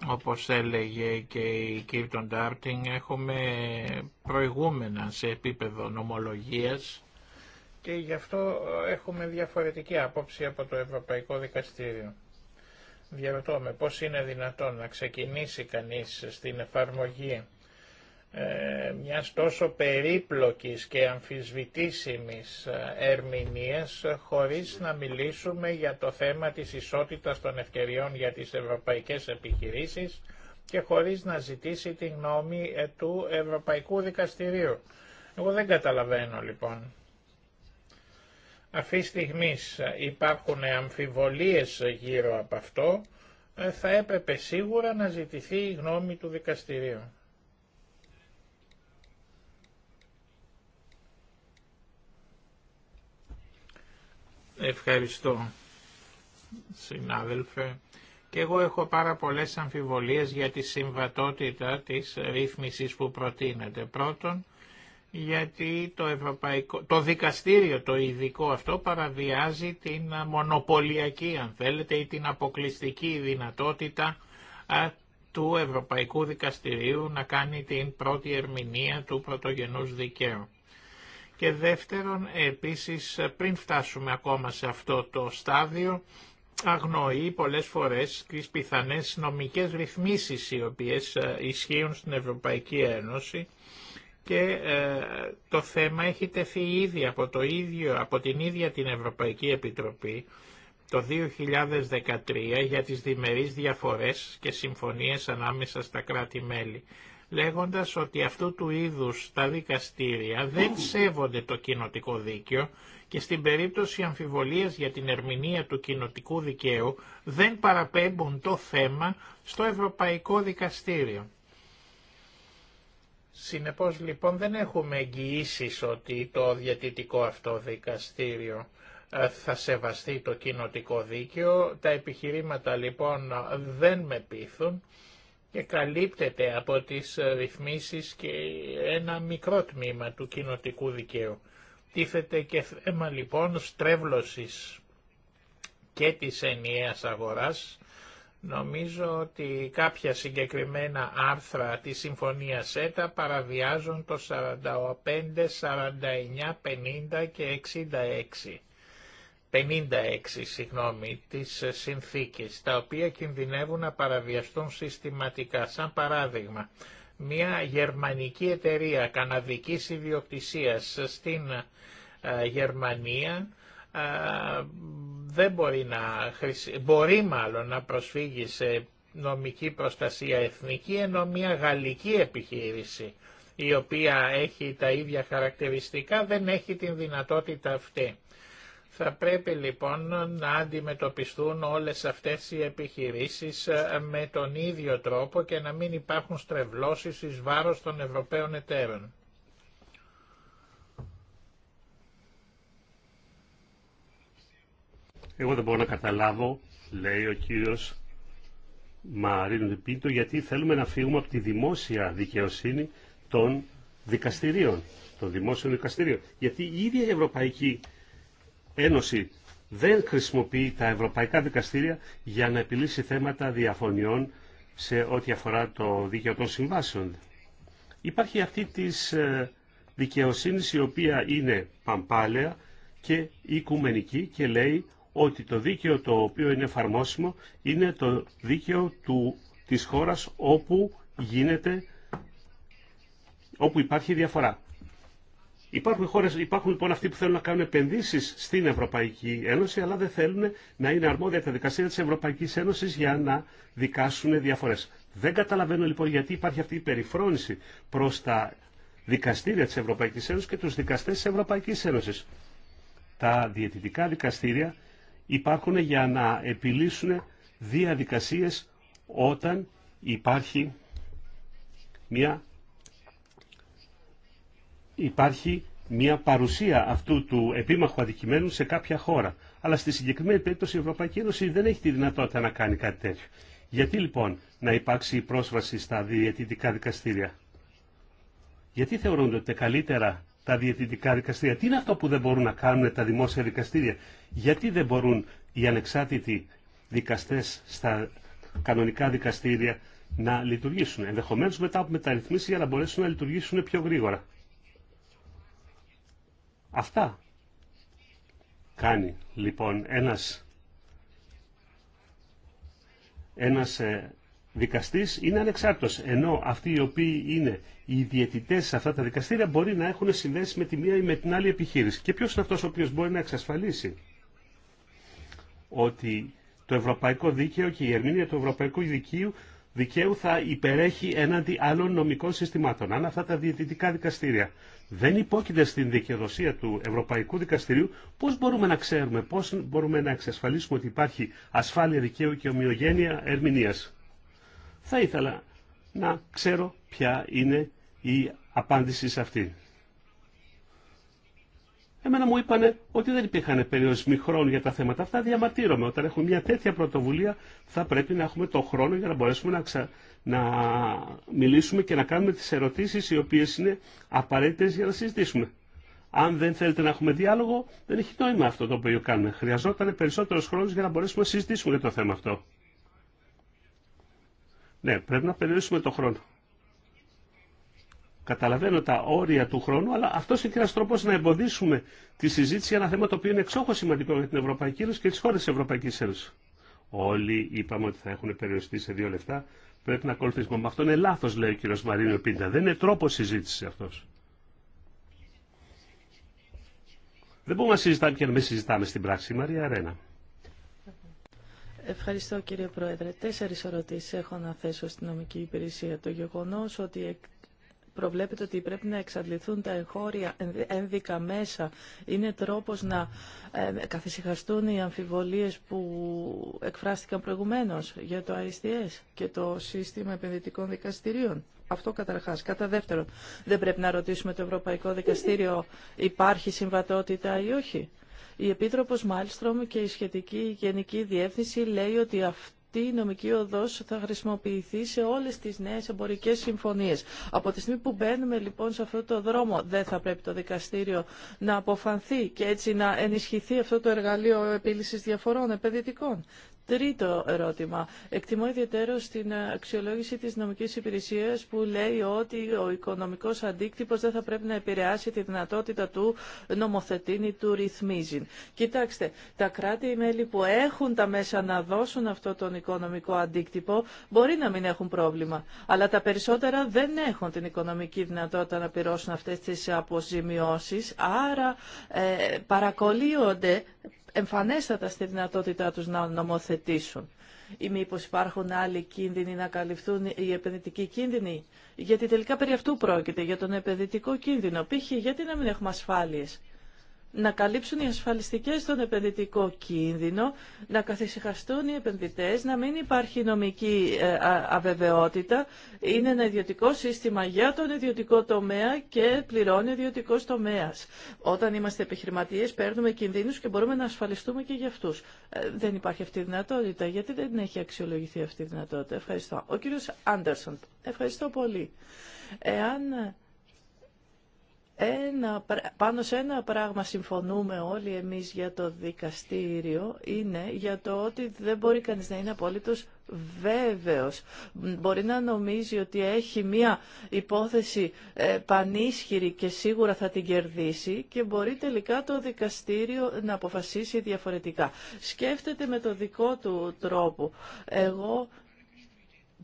S3: όπως έλεγε και η Κίρτον Ντάρτινγκ, έχουμε προηγούμενα σε επίπεδο νομολογίας και γι' αυτό έχουμε διαφορετική άποψη από το Ευρωπαϊκό Δικαστήριο. Διαρωτώ με πώς είναι δυνατόν να ξεκινήσει κανείς στην εφαρμογή ε, μιας τόσο περίπλοκης και αμφισβητήσιμης ε, ερμηνείας χωρίς να μιλήσουμε για το θέμα της ισότητας των ευκαιριών για τις ευρωπαϊκές επιχειρήσεις και χωρίς να ζητήσει τη γνώμη ε, του Ευρωπαϊκού Δικαστηρίου. Εγώ δεν καταλαβαίνω λοιπόν. Αυτή στιγμή ε, υπάρχουν αμφιβολίες γύρω από αυτό, ε, θα έπρεπε σίγουρα να ζητηθεί η γνώμη του δικαστηρίου. Ευχαριστώ, συνάδελφε. Και εγώ έχω πάρα πολλές αμφιβολίες για τη συμβατότητα της ρύθμισης που προτείνεται. Πρώτον, γιατί το, Ευρωπαϊκό, το δικαστήριο το ειδικό αυτό παραβιάζει την μονοπωλιακή αν θέλετε ή την αποκλειστική δυνατότητα του Ευρωπαϊκού Δικαστηρίου να κάνει την πρώτη ερμηνεία του πρωτογενούς δικαίου. Και δεύτερον, επίσης πριν φτάσουμε ακόμα σε αυτό το στάδιο, αγνοεί πολλές φορές τις πιθανές νομικές ρυθμίσεις οι οποίες ισχύουν στην Ευρωπαϊκή Ένωση και ε, το θέμα έχει τεθεί ήδη από, το ίδιο, από την ίδια την Ευρωπαϊκή Επιτροπή το 2013 για τις διμερείς διαφορές και συμφωνίες ανάμεσα στα κράτη-μέλη, λέγοντας ότι αυτού του είδους τα δικαστήρια δεν σέβονται το κοινοτικό δίκαιο και στην περίπτωση αμφιβολίας για την ερμηνεία του κοινοτικού δικαίου δεν παραπέμπουν το θέμα στο Ευρωπαϊκό Δικαστήριο. Συνεπώς λοιπόν δεν έχουμε εγγυήσει ότι το διατητικό αυτό δικαστήριο ε, θα σεβαστεί το κοινοτικό δίκαιο. Τα επιχειρήματα λοιπόν δεν με πείθουν και καλύπτεται από τις ε, ρυθμίσεις και ένα μικρό τμήμα του κοινοτικού δικαίου. Τίθεται και θέμα λοιπόν στρέβλωσης και της ενιαίας αγοράς Νομίζω ότι κάποια συγκεκριμένα άρθρα της Συμφωνίας ΣΕΤΑ παραβιάζουν το 45, 49, 50 και 66. 56 συγγνώμη, της συνθήκης, τα οποία κινδυνεύουν να παραβιαστούν συστηματικά. Σαν παράδειγμα, μια γερμανική εταιρεία καναδικής ιδιοκτησίας στην ε, Γερμανία δεν μπορεί να μάλλον να προσφύγει σε νομική προστασία εθνική ενώ μια γαλλική επιχείρηση η οποία έχει τα ίδια χαρακτηριστικά δεν έχει την δυνατότητα αυτή. Θα πρέπει λοιπόν να αντιμετωπιστούν όλες αυτές οι επιχειρήσεις με τον ίδιο τρόπο και να μην υπάρχουν στρεβλώσεις εις βάρος των Ευρωπαίων εταίρων.
S2: Εγώ δεν μπορώ να καταλάβω, λέει ο κύριος Μαρίνο Πίντο, γιατί θέλουμε να φύγουμε από τη δημόσια δικαιοσύνη των δικαστηρίων, των δημόσιων δικαστηρίων. Γιατί η ίδια η Ευρωπαϊκή Ένωση δεν χρησιμοποιεί τα ευρωπαϊκά δικαστήρια για να επιλύσει θέματα διαφωνιών σε ό,τι αφορά το δίκαιο των συμβάσεων. Υπάρχει αυτή της ε, δικαιοσύνης η οποία είναι παμπάλαια και οικουμενική και λέει ότι το δίκαιο το οποίο είναι εφαρμόσιμο είναι το δίκαιο του, της χώρας όπου γίνεται, όπου υπάρχει διαφορά. Υπάρχουν, χώρες, υπάρχουν λοιπόν αυτοί που θέλουν να κάνουν επενδύσεις στην Ευρωπαϊκή Ένωση, αλλά δεν θέλουν να είναι αρμόδια τα δικαστήρια της Ευρωπαϊκής Ένωσης για να δικάσουν διαφορές. Δεν καταλαβαίνω λοιπόν γιατί υπάρχει αυτή η περιφρόνηση προς τα δικαστήρια της Ευρωπαϊκής Ένωσης και τους δικαστές της Ευρωπαϊκή Ένωση. Τα διαιτητικά δικαστήρια υπάρχουν για να επιλύσουν διαδικασίες όταν υπάρχει μια, υπάρχει μια παρουσία αυτού του επίμαχου αδικημένου σε κάποια χώρα. Αλλά στη συγκεκριμένη περίπτωση η Ευρωπαϊκή Ένωση δεν έχει τη δυνατότητα να κάνει κάτι τέτοιο. Γιατί λοιπόν να υπάρξει πρόσβαση στα διαιτητικά δικαστήρια. Γιατί θεωρούνται ότι καλύτερα τα διαιτητικά δικαστήρια. Τι είναι αυτό που δεν μπορούν να κάνουν τα δημόσια δικαστήρια. Γιατί δεν μπορούν οι ανεξάρτητοι δικαστές στα κανονικά δικαστήρια να λειτουργήσουν. Ενδεχομένως μετά από μεταρρυθμίσεις για να μπορέσουν να λειτουργήσουν πιο γρήγορα. Αυτά κάνει λοιπόν ένας, ένας ε, δικαστής είναι ανεξάρτητος, ενώ αυτοί οι οποίοι είναι οι διαιτητές σε αυτά τα δικαστήρια μπορεί να έχουν συνδέσει με τη μία ή με την άλλη επιχείρηση. Και ποιος είναι αυτός ο οποίος μπορεί να εξασφαλίσει ότι το ευρωπαϊκό δίκαιο και η ερμηνεία του ευρωπαϊκού δικαίου, δικαίου θα υπερέχει έναντι άλλων νομικών συστημάτων. Αν αυτά τα διαιτητικά δικαστήρια δεν υπόκειται στην δικαιοδοσία του Ευρωπαϊκού Δικαστηρίου, πώ μπορούμε να ξέρουμε, πώ μπορούμε να εξασφαλίσουμε ότι υπάρχει ασφάλεια δικαίου και ομοιογένεια ερμηνεία. Θα ήθελα να ξέρω ποια είναι η απάντηση σε αυτή. Εμένα μου είπανε ότι δεν υπήρχαν περιορισμοί χρόνου για τα θέματα αυτά. Διαμαρτύρομαι. Όταν έχουμε μια τέτοια πρωτοβουλία θα πρέπει να έχουμε το χρόνο για να μπορέσουμε να, να μιλήσουμε και να κάνουμε τι ερωτήσει, οι οποίε είναι απαραίτητε για να συζητήσουμε. Αν δεν θέλετε να έχουμε διάλογο, δεν έχει νόημα αυτό το οποίο κάνουμε. Χρειαζόταν περισσότερο χρόνο για να μπορέσουμε να συζητήσουμε για το θέμα αυτό. Ναι, πρέπει να περιορίσουμε το χρόνο. Καταλαβαίνω τα όρια του χρόνου, αλλά αυτό είναι και ένα τρόπο να εμποδίσουμε τη συζήτηση για ένα θέμα το οποίο είναι εξόχω σημαντικό για την Ευρωπαϊκή Ένωση και τι χώρε τη Ευρωπαϊκή Ένωση. Όλοι είπαμε ότι θα έχουν περιοριστεί σε δύο λεφτά. Πρέπει να ακολουθήσουμε. Με αυτό είναι λάθο, λέει ο κ. Μαρίνο Πίντα. Δεν είναι τρόπο συζήτηση αυτό. Δεν μπορούμε να συζητάμε και να μην συζητάμε στην πράξη, Μαρία Αρένα.
S1: Ευχαριστώ κύριε Πρόεδρε. Τέσσερις ερωτήσεις έχω να θέσω στην νομική υπηρεσία. Το γεγονός ότι προβλέπεται ότι πρέπει να εξαντληθούν τα εγχώρια ένδικα μέσα είναι τρόπος να ε, καθησυχαστούν οι αμφιβολίες που εκφράστηκαν προηγουμένως για το ISDS και το σύστημα επενδυτικών δικαστηρίων. Αυτό καταρχά. Κατά δεύτερον, δεν πρέπει να ρωτήσουμε το Ευρωπαϊκό Δικαστήριο υπάρχει συμβατότητα ή όχι. Η Επίτροπος Μάλστρομ και η σχετική Γενική Διεύθυνση λέει ότι αυτή η νομική οδός θα χρησιμοποιηθεί σε όλες τις νέες εμπορικές συμφωνίες. Από τη στιγμή που μπαίνουμε λοιπόν σε αυτό το δρόμο δεν θα πρέπει το δικαστήριο να αποφανθεί και έτσι να ενισχυθεί αυτό το εργαλείο επίλυσης διαφορών επενδυτικών. Τρίτο ερώτημα. Εκτιμώ ιδιαίτερο στην αξιολόγηση της νομικής υπηρεσίας που λέει ότι ο οικονομικός αντίκτυπος δεν θα πρέπει να επηρεάσει τη δυνατότητα του νομοθετήν του ρυθμίζει. Κοιτάξτε, τα κράτη-μέλη που έχουν τα μέσα να δώσουν αυτό τον οικονομικό αντίκτυπο μπορεί να μην έχουν πρόβλημα, αλλά τα περισσότερα δεν έχουν την οικονομική δυνατότητα να πληρώσουν αυτές τις αποζημιώσεις, άρα ε, παρακολύονται εμφανέστατα στη δυνατότητά τους να νομοθετήσουν. Ή μήπω υπάρχουν άλλοι κίνδυνοι να καλυφθούν οι επενδυτικοί κίνδυνοι. Γιατί τελικά περί αυτού πρόκειται, για τον επενδυτικό κίνδυνο. Π.χ. γιατί να μην έχουμε ασφάλειες να καλύψουν οι ασφαλιστικές τον επενδυτικό κίνδυνο, να καθησυχαστούν οι επενδυτές, να μην υπάρχει νομική ε, αβεβαιότητα. Είναι ένα ιδιωτικό σύστημα για τον ιδιωτικό τομέα και πληρώνει ο ιδιωτικό τομέα. Όταν είμαστε επιχειρηματίες παίρνουμε κινδύνους και μπορούμε να ασφαλιστούμε και για αυτού ε, Δεν υπάρχει αυτή η δυνατότητα. Γιατί δεν έχει αξιολογηθεί αυτή η δυνατότητα. Ευχαριστώ. Ο κύριο Άντερσον. Ευχαριστώ πολύ. Εάν ένα, πάνω σε ένα πράγμα συμφωνούμε όλοι εμείς για το δικαστήριο είναι για το ότι δεν μπορεί κανείς να είναι απολύτως βέβαιος. Μπορεί να νομίζει ότι έχει μία υπόθεση ε, πανίσχυρη και σίγουρα θα την κερδίσει και μπορεί τελικά το δικαστήριο να αποφασίσει διαφορετικά. Σκέφτεται με το δικό του τρόπο. Εγώ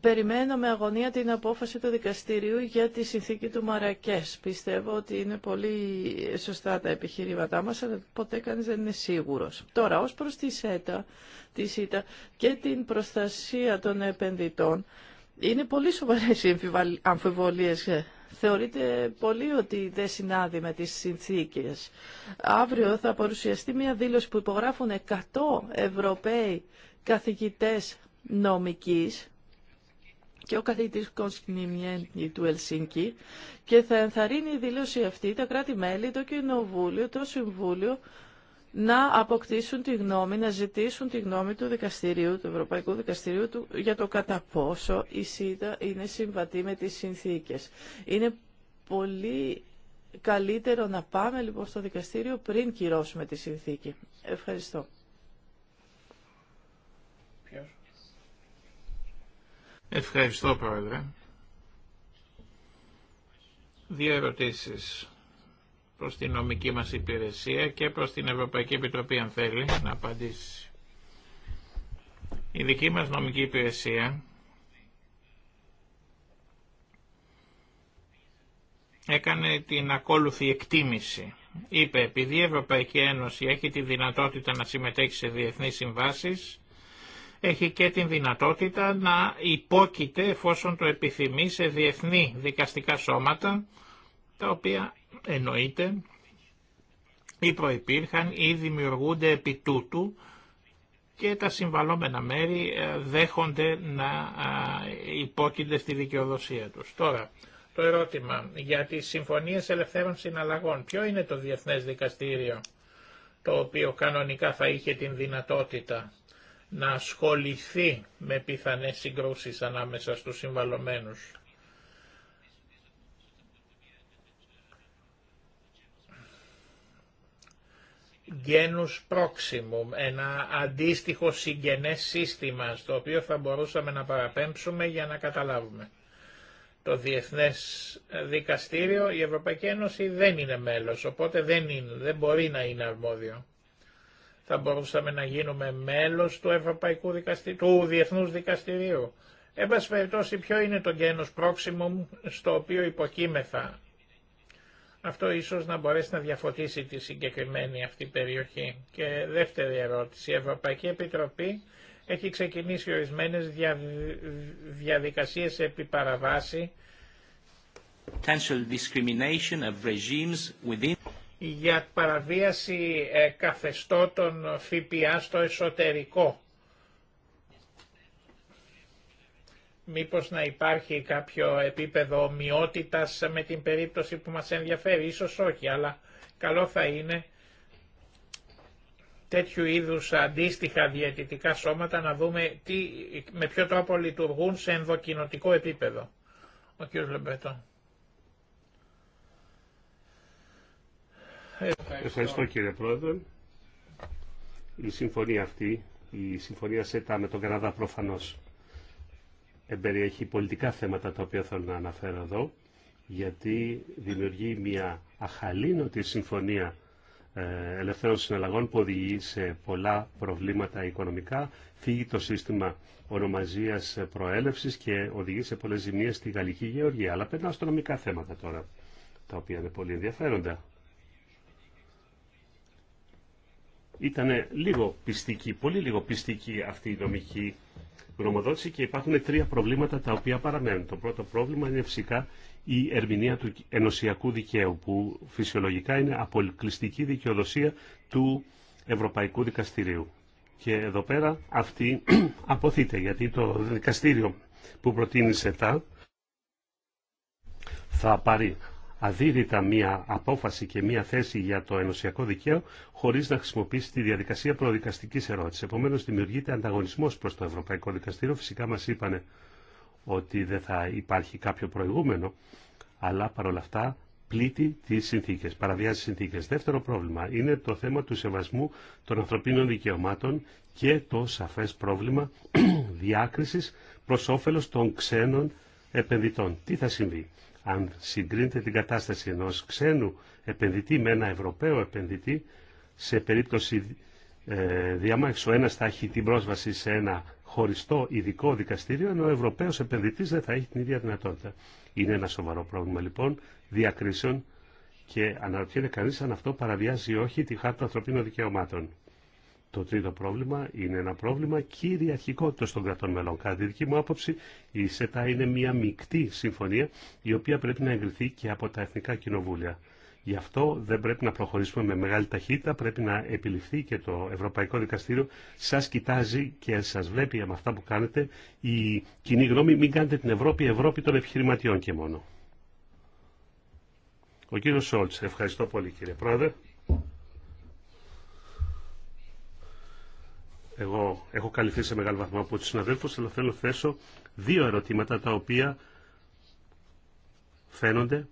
S1: Περιμένω με αγωνία την απόφαση του δικαστηρίου για τη συνθήκη του Μαρακές. Πιστεύω ότι είναι πολύ σωστά τα επιχειρήματά μας, αλλά ποτέ κανείς δεν είναι σίγουρος. Τώρα, ως προς τη ΣΕΤΑ, τη και την προστασία των επενδυτών, είναι πολύ σοβαρές οι αμφιβολίες θεωρείται πολύ ότι δεν συνάδει με τις συνθήκες. Αύριο θα παρουσιαστεί μια δήλωση που υπογράφουν 100 Ευρωπαίοι καθηγητές νομικής και ο καθηγητής Κονσκινιμιέντη του Ελσίνκη και θα ενθαρρύνει η δήλωση αυτή τα κράτη-μέλη, το Κοινοβούλιο, το Συμβούλιο να αποκτήσουν τη γνώμη, να ζητήσουν τη γνώμη του δικαστηρίου, του Ευρωπαϊκού Δικαστηρίου για το κατά πόσο η ΣΥΤΑ είναι συμβατή με τις συνθήκες. Είναι πολύ καλύτερο να πάμε λοιπόν στο δικαστήριο πριν κυρώσουμε τη συνθήκη. Ευχαριστώ.
S3: Ευχαριστώ Πρόεδρε. Δύο ερωτήσεις προς την νομική μας υπηρεσία και προς την Ευρωπαϊκή Επιτροπή αν θέλει να απαντήσει. Η δική μας νομική υπηρεσία έκανε την ακόλουθη εκτίμηση. Είπε, επειδή η Ευρωπαϊκή Ένωση έχει τη δυνατότητα να συμμετέχει σε διεθνείς συμβάσεις, έχει και την δυνατότητα να υπόκειται εφόσον το επιθυμεί σε διεθνή δικαστικά σώματα, τα οποία εννοείται ή προϋπήρχαν ή δημιουργούνται επί τούτου και τα συμβαλόμενα μέρη ε, δέχονται να υπόκειται στη δικαιοδοσία τους. Τώρα, το ερώτημα για τις συμφωνίες ελευθέρων συναλλαγών. Ποιο είναι το Διεθνές Δικαστήριο το οποίο κανονικά θα είχε την δυνατότητα να ασχοληθεί με πιθανές συγκρούσεις ανάμεσα στους συμβαλωμένους. Genus Proximum, ένα αντίστοιχο συγγενές σύστημα στο οποίο θα μπορούσαμε να παραπέμψουμε για να καταλάβουμε. Το Διεθνές Δικαστήριο, η Ευρωπαϊκή Ένωση δεν είναι μέλος, οπότε δεν, είναι, δεν μπορεί να είναι αρμόδιο θα μπορούσαμε να γίνουμε μέλος του Ευρωπαϊκού Δικαστηρίου, του Διεθνούς Δικαστηρίου. Εν ποιο είναι το γένος πρόξιμουμ στο οποίο υποκείμεθα. Αυτό ίσως να μπορέσει να διαφωτίσει τη συγκεκριμένη αυτή περιοχή. Και δεύτερη ερώτηση, η Ευρωπαϊκή Επιτροπή έχει ξεκινήσει ορισμένες δια... διαδικασίες επί παραβάση για παραβίαση ε, καθεστώτων ΦΠΑ στο εσωτερικό. Μήπως να υπάρχει κάποιο επίπεδο ομοιότητας με την περίπτωση που μας ενδιαφέρει, ίσως όχι, αλλά καλό θα είναι τέτοιου είδους αντίστοιχα διαιτητικά σώματα να δούμε τι, με ποιο τρόπο λειτουργούν σε ενδοκινοτικό επίπεδο. Ο κ. Λεμπετών. Ευχαριστώ.
S2: κύριε Πρόεδρε. Η συμφωνία αυτή, η συμφωνία ΣΕΤΑ με τον Καναδά προφανώς εμπεριέχει πολιτικά θέματα τα οποία θέλω να αναφέρω εδώ γιατί δημιουργεί μια αχαλήνωτη συμφωνία ε, ελευθέρων συναλλαγών που οδηγεί σε πολλά προβλήματα οικονομικά, φύγει το σύστημα ονομαζίας προέλευσης και οδηγεί σε πολλές ζημίες στη Γαλλική Γεωργία. Αλλά περνάω στο νομικά θέματα τώρα, τα οποία είναι πολύ ενδιαφέροντα. ήταν λίγο πιστική, πολύ λίγο πιστική αυτή η νομική γνωμοδότηση και υπάρχουν τρία προβλήματα τα οποία παραμένουν. Το πρώτο πρόβλημα είναι φυσικά η ερμηνεία του ενωσιακού δικαίου που φυσιολογικά είναι αποκλειστική δικαιοδοσία του Ευρωπαϊκού Δικαστηρίου. Και εδώ πέρα αυτή αποθείται γιατί το δικαστήριο που προτείνει σε τα θα πάρει αδίδυτα μία απόφαση και μία θέση για το ενωσιακό δικαίωμα χωρίς να χρησιμοποιήσει τη διαδικασία προδικαστικής ερώτησης. Επομένως δημιουργείται ανταγωνισμός προς το Ευρωπαϊκό Δικαστήριο. Φυσικά μας είπαν ότι δεν θα υπάρχει κάποιο προηγούμενο, αλλά παρόλα αυτά πλήττει τις συνθήκες, παραβιάζει συνθήκες. Δεύτερο πρόβλημα είναι το θέμα του σεβασμού των ανθρωπίνων δικαιωμάτων και το σαφές πρόβλημα διάκρισης προς όφελο των ξένων επενδυτών. Τι θα συμβεί. Αν συγκρίνετε την κατάσταση ενός ξένου επενδυτή με ένα Ευρωπαίο επενδυτή, σε περίπτωση ε, διαμάχης ο ένας θα έχει την πρόσβαση σε ένα χωριστό ειδικό δικαστήριο, ενώ ο Ευρωπαίος επενδυτής δεν θα έχει την ίδια δυνατότητα. Είναι ένα σοβαρό πρόβλημα λοιπόν διακρίσεων και αναρωτιέται κανείς αν αυτό παραβιάζει ή όχι τη Χάρτα Ανθρωπίνων Δικαιωμάτων. Το τρίτο πρόβλημα είναι ένα πρόβλημα κυριαρχικότητα των κρατών μελών. Κατά τη δική μου άποψη, η ΣΕΤΑ είναι μια μεικτή συμφωνία η οποία πρέπει να εγκριθεί και από τα εθνικά κοινοβούλια. Γι' αυτό δεν πρέπει να προχωρήσουμε με μεγάλη ταχύτητα, πρέπει να επιληφθεί και το Ευρωπαϊκό Δικαστήριο. Σας κοιτάζει και σας βλέπει με αυτά που κάνετε η κοινή γνώμη. Μην κάνετε την Ευρώπη Ευρώπη των επιχειρηματιών και μόνο. Ο κύριος Σόλτς, ευχαριστώ πολύ κύριε Πρόεδρε. Εγώ έχω καλυφθεί σε μεγάλο βαθμό από τους συναδέλφους, αλλά θέλω να θέσω δύο ερωτήματα τα οποία φαίνονται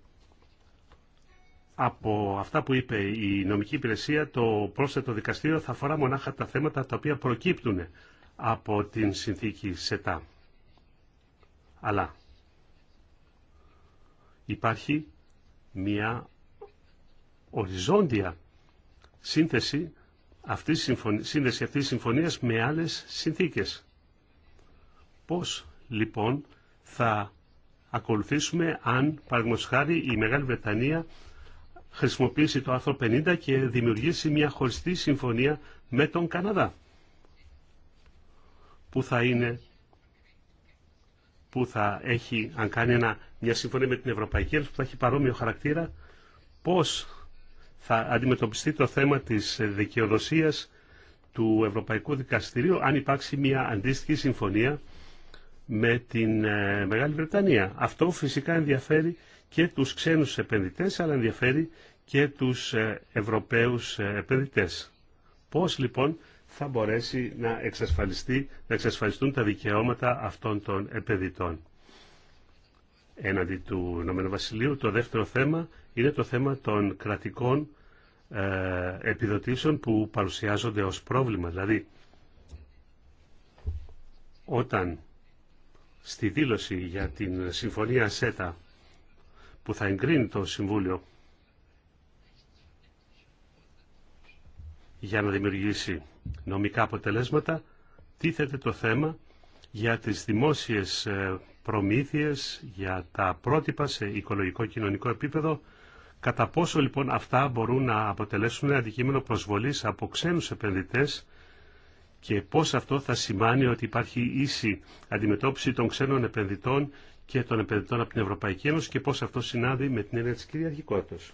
S2: από αυτά που είπε η νομική υπηρεσία, το πρόσθετο δικαστήριο θα αφορά μονάχα τα θέματα τα οποία προκύπτουν από την συνθήκη ΣΕΤΑ. Αλλά υπάρχει μια οριζόντια σύνθεση αυτή η σύνδεση αυτής της συμφωνίας με άλλες συνθήκες. Πώς λοιπόν θα ακολουθήσουμε αν παραγματικά η Μεγάλη Βρετανία χρησιμοποιήσει το άρθρο 50 και δημιουργήσει μια χωριστή συμφωνία με τον Καναδά που θα είναι που θα έχει, αν κάνει ένα, μια συμφωνία με την Ευρωπαϊκή Ένωση που θα έχει παρόμοιο χαρακτήρα, πώς θα αντιμετωπιστεί το θέμα της δικαιοδοσίας του Ευρωπαϊκού Δικαστηρίου αν υπάρξει μια αντίστοιχη συμφωνία με την ε, Μεγάλη Βρετανία. Αυτό φυσικά ενδιαφέρει και τους ξένους επενδυτές αλλά ενδιαφέρει και τους ε, Ευρωπαίους ε, επενδυτές. Πώς λοιπόν θα μπορέσει να, εξασφαλιστεί, να εξασφαλιστούν τα δικαιώματα αυτών των επενδυτών έναντι του Ηνωμένου Βασιλείου. Το δεύτερο θέμα είναι το θέμα των κρατικών ε, επιδοτήσεων που παρουσιάζονται ως πρόβλημα. Δηλαδή, όταν στη δήλωση για την Συμφωνία ΣΕΤΑ που θα εγκρίνει το Συμβούλιο για να δημιουργήσει νομικά αποτελέσματα, τίθεται το θέμα για τις δημόσιες ε, προμήθειες, για τα πρότυπα σε οικολογικό κοινωνικό επίπεδο. Κατά πόσο λοιπόν αυτά μπορούν να αποτελέσουν αντικείμενο προσβολής από ξένους επενδυτές και πώς αυτό θα σημάνει ότι υπάρχει ίση αντιμετώπιση των ξένων επενδυτών και των επενδυτών από την Ευρωπαϊκή Ένωση και πώς αυτό συνάδει με την έννοια της κυριαρχικότητας.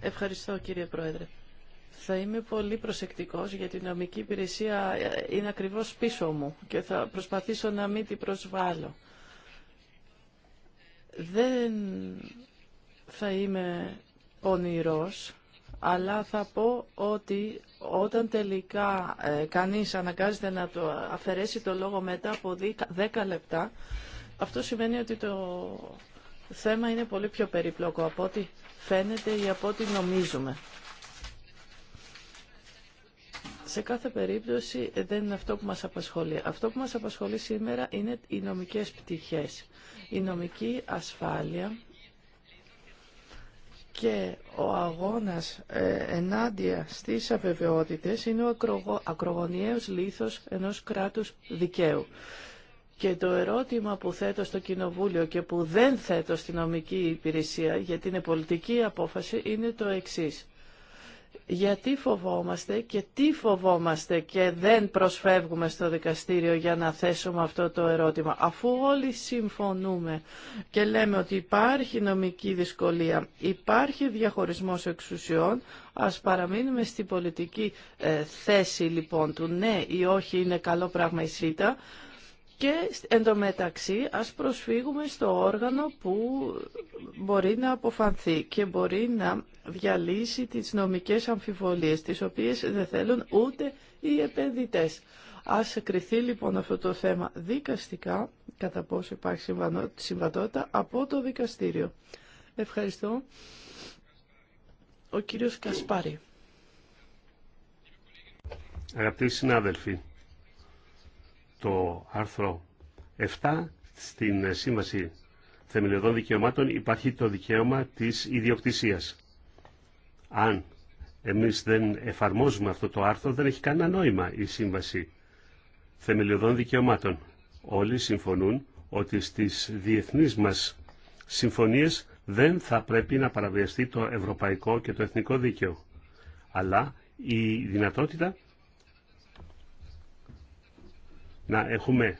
S1: Ευχαριστώ κύριε Πρόεδρε. Θα είμαι πολύ προσεκτικός γιατί η νομική υπηρεσία είναι ακριβώς πίσω μου και θα προσπαθήσω να μην την προσβάλλω. Δεν θα είμαι πονηρός, αλλά θα πω ότι όταν τελικά ε, κανείς αναγκάζεται να το αφαιρέσει το λόγο μετά από 10 λεπτά, αυτό σημαίνει ότι το θέμα είναι πολύ πιο περιπλοκό από ό,τι φαίνεται ή από ό,τι νομίζουμε. Σε κάθε περίπτωση ε, δεν είναι αυτό που μας απασχολεί. Αυτό που μας απασχολεί σήμερα είναι οι νομικές πτυχές. Η νομική ασφάλεια και ο αγώνας ε, ενάντια στις αβεβαιότητες είναι ο ακρογωνιαίος λήθος ενός κράτους δικαίου. Και το ερώτημα που θέτω στο Κοινοβούλιο και που δεν θέτω στη νομική υπηρεσία, γιατί είναι πολιτική απόφαση, είναι το εξής γιατί φοβόμαστε και τι φοβόμαστε και δεν προσφεύγουμε στο δικαστήριο για να θέσουμε αυτό το ερώτημα. Αφού όλοι συμφωνούμε και λέμε ότι υπάρχει νομική δυσκολία, υπάρχει διαχωρισμός εξουσιών, ας παραμείνουμε στην πολιτική ε, θέση λοιπόν του ναι ή όχι είναι καλό πράγμα η ΣΥΤΑ, και εντωμεταξύ ας προσφύγουμε στο όργανο που μπορεί να αποφανθεί και μπορεί να διαλύσει τις νομικές αμφιβολίες, τις οποίες δεν θέλουν ούτε οι επενδυτές. Ας κριθεί λοιπόν αυτό το θέμα δικαστικά, κατά πόσο υπάρχει συμβατότητα, από το δικαστήριο. Ευχαριστώ. Ο κύριος Κασπάρη.
S2: Αγαπητοί συνάδελφοι, το άρθρο 7 στην Σύμβαση Θεμελιωδών Δικαιωμάτων υπάρχει το δικαίωμα της ιδιοκτησίας. Αν εμείς δεν εφαρμόζουμε αυτό το άρθρο δεν έχει κανένα νόημα η Σύμβαση Θεμελιωδών Δικαιωμάτων. Όλοι συμφωνούν ότι στις διεθνείς μας συμφωνίες δεν θα πρέπει να παραβιαστεί το ευρωπαϊκό και το εθνικό δίκαιο. Αλλά η δυνατότητα να έχουμε,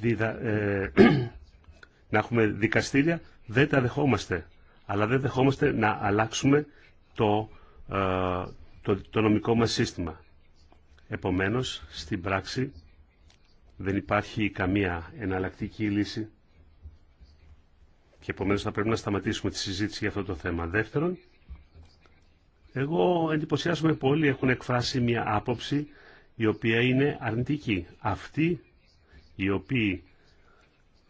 S2: διδα, ε, να έχουμε δικαστήρια, δεν τα δεχόμαστε. Αλλά δεν δεχόμαστε να αλλάξουμε το, ε, το, το νομικό μας σύστημα. Επομένως, στην πράξη δεν υπάρχει καμία εναλλακτική λύση και επομένως θα πρέπει να σταματήσουμε τη συζήτηση για αυτό το θέμα. Δεύτερον, εγώ εντυπωσιάζομαι πολύ, έχουν εκφράσει μια άποψη η οποία είναι αρνητική. Αυτοί οι οποίοι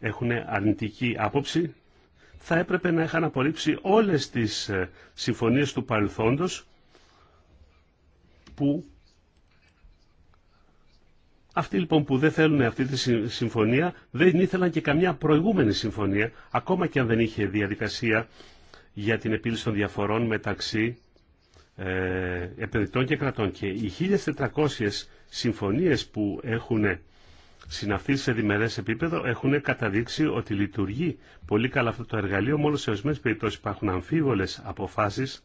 S2: έχουν αρνητική άποψη θα έπρεπε να είχαν απορρίψει όλες τις ε, συμφωνίες του παρελθόντος που αυτοί λοιπόν που δεν θέλουν αυτή τη συμφωνία δεν ήθελαν και καμιά προηγούμενη συμφωνία ακόμα και αν δεν είχε διαδικασία για την επίλυση των διαφορών μεταξύ ε, επενδυτών και κρατών. Και οι 1.400 συμφωνίες που έχουν συναυθεί σε διμερές επίπεδο έχουν καταδείξει ότι λειτουργεί πολύ καλά αυτό το εργαλείο, μόνο σε ορισμένε περιπτώσει υπάρχουν αμφίβολες αποφάσεις.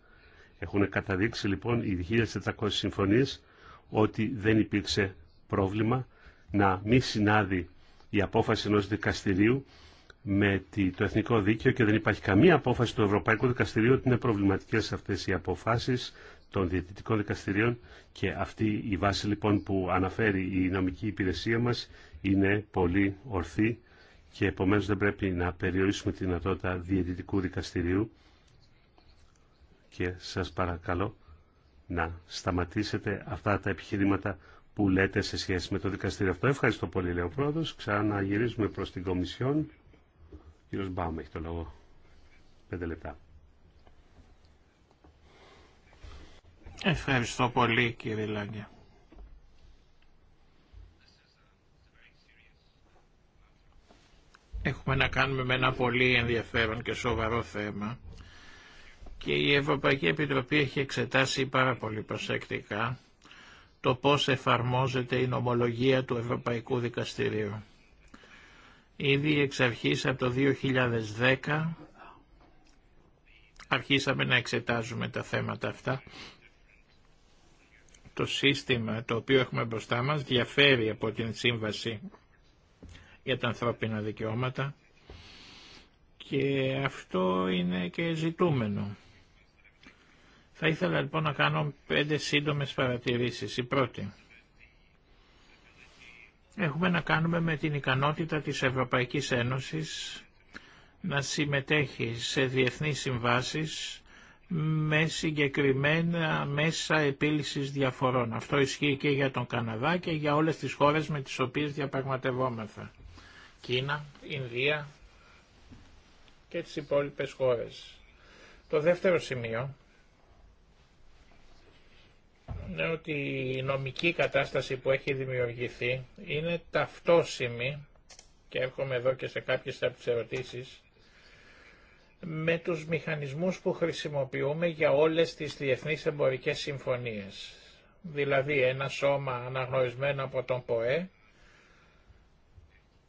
S2: Έχουν καταδείξει λοιπόν οι 1.400 συμφωνίες ότι δεν υπήρξε πρόβλημα να μη συνάδει η απόφαση ενός δικαστηρίου με το εθνικό δίκαιο και δεν υπάρχει καμία απόφαση του Ευρωπαϊκού Δικαστηρίου ότι είναι προβληματικές αυτές οι αποφάσεις των διαιτητικών δικαστηρίων και αυτή η βάση λοιπόν που αναφέρει η νομική υπηρεσία μας είναι πολύ ορθή και επομένως δεν πρέπει να περιορίσουμε τη δυνατότητα διαιτητικού δικαστηρίου και σας παρακαλώ να σταματήσετε αυτά τα επιχειρήματα που λέτε σε σχέση με το δικαστήριο αυτό. Ευχαριστώ πολύ, λέει Ξαναγυρίζουμε προ την Κομισιόν. Κύριο Μπάουμ έχει το λόγο. Πέντε λεπτά.
S3: Ευχαριστώ πολύ κύριε Λάγκια. Έχουμε να κάνουμε με ένα πολύ ενδιαφέρον και σοβαρό θέμα και η Ευρωπαϊκή Επιτροπή έχει εξετάσει πάρα πολύ προσεκτικά το πώς εφαρμόζεται η νομολογία του Ευρωπαϊκού Δικαστηρίου. Ήδη εξ αρχής από το 2010 αρχίσαμε να εξετάζουμε τα θέματα αυτά το σύστημα το οποίο έχουμε μπροστά μας διαφέρει από την Σύμβαση για τα ανθρώπινα δικαιώματα και αυτό είναι και ζητούμενο. Θα ήθελα λοιπόν να κάνω πέντε σύντομες παρατηρήσεις. Η πρώτη. Έχουμε να κάνουμε με την ικανότητα της Ευρωπαϊκής Ένωσης να συμμετέχει σε διεθνείς συμβάσεις με συγκεκριμένα μέσα επίλυσης διαφορών. Αυτό ισχύει και για τον Καναδά και για όλες τις χώρες με τις οποίες διαπραγματευόμεθα. Κίνα, Ινδία και τις υπόλοιπες χώρες. Το δεύτερο σημείο είναι ότι η νομική κατάσταση που έχει δημιουργηθεί είναι ταυτόσημη και έρχομαι εδώ και σε κάποιες από τις ερωτήσεις με τους μηχανισμούς που χρησιμοποιούμε για όλες τις διεθνείς εμπορικές συμφωνίες. Δηλαδή ένα σώμα αναγνωρισμένο από τον ΠΟΕ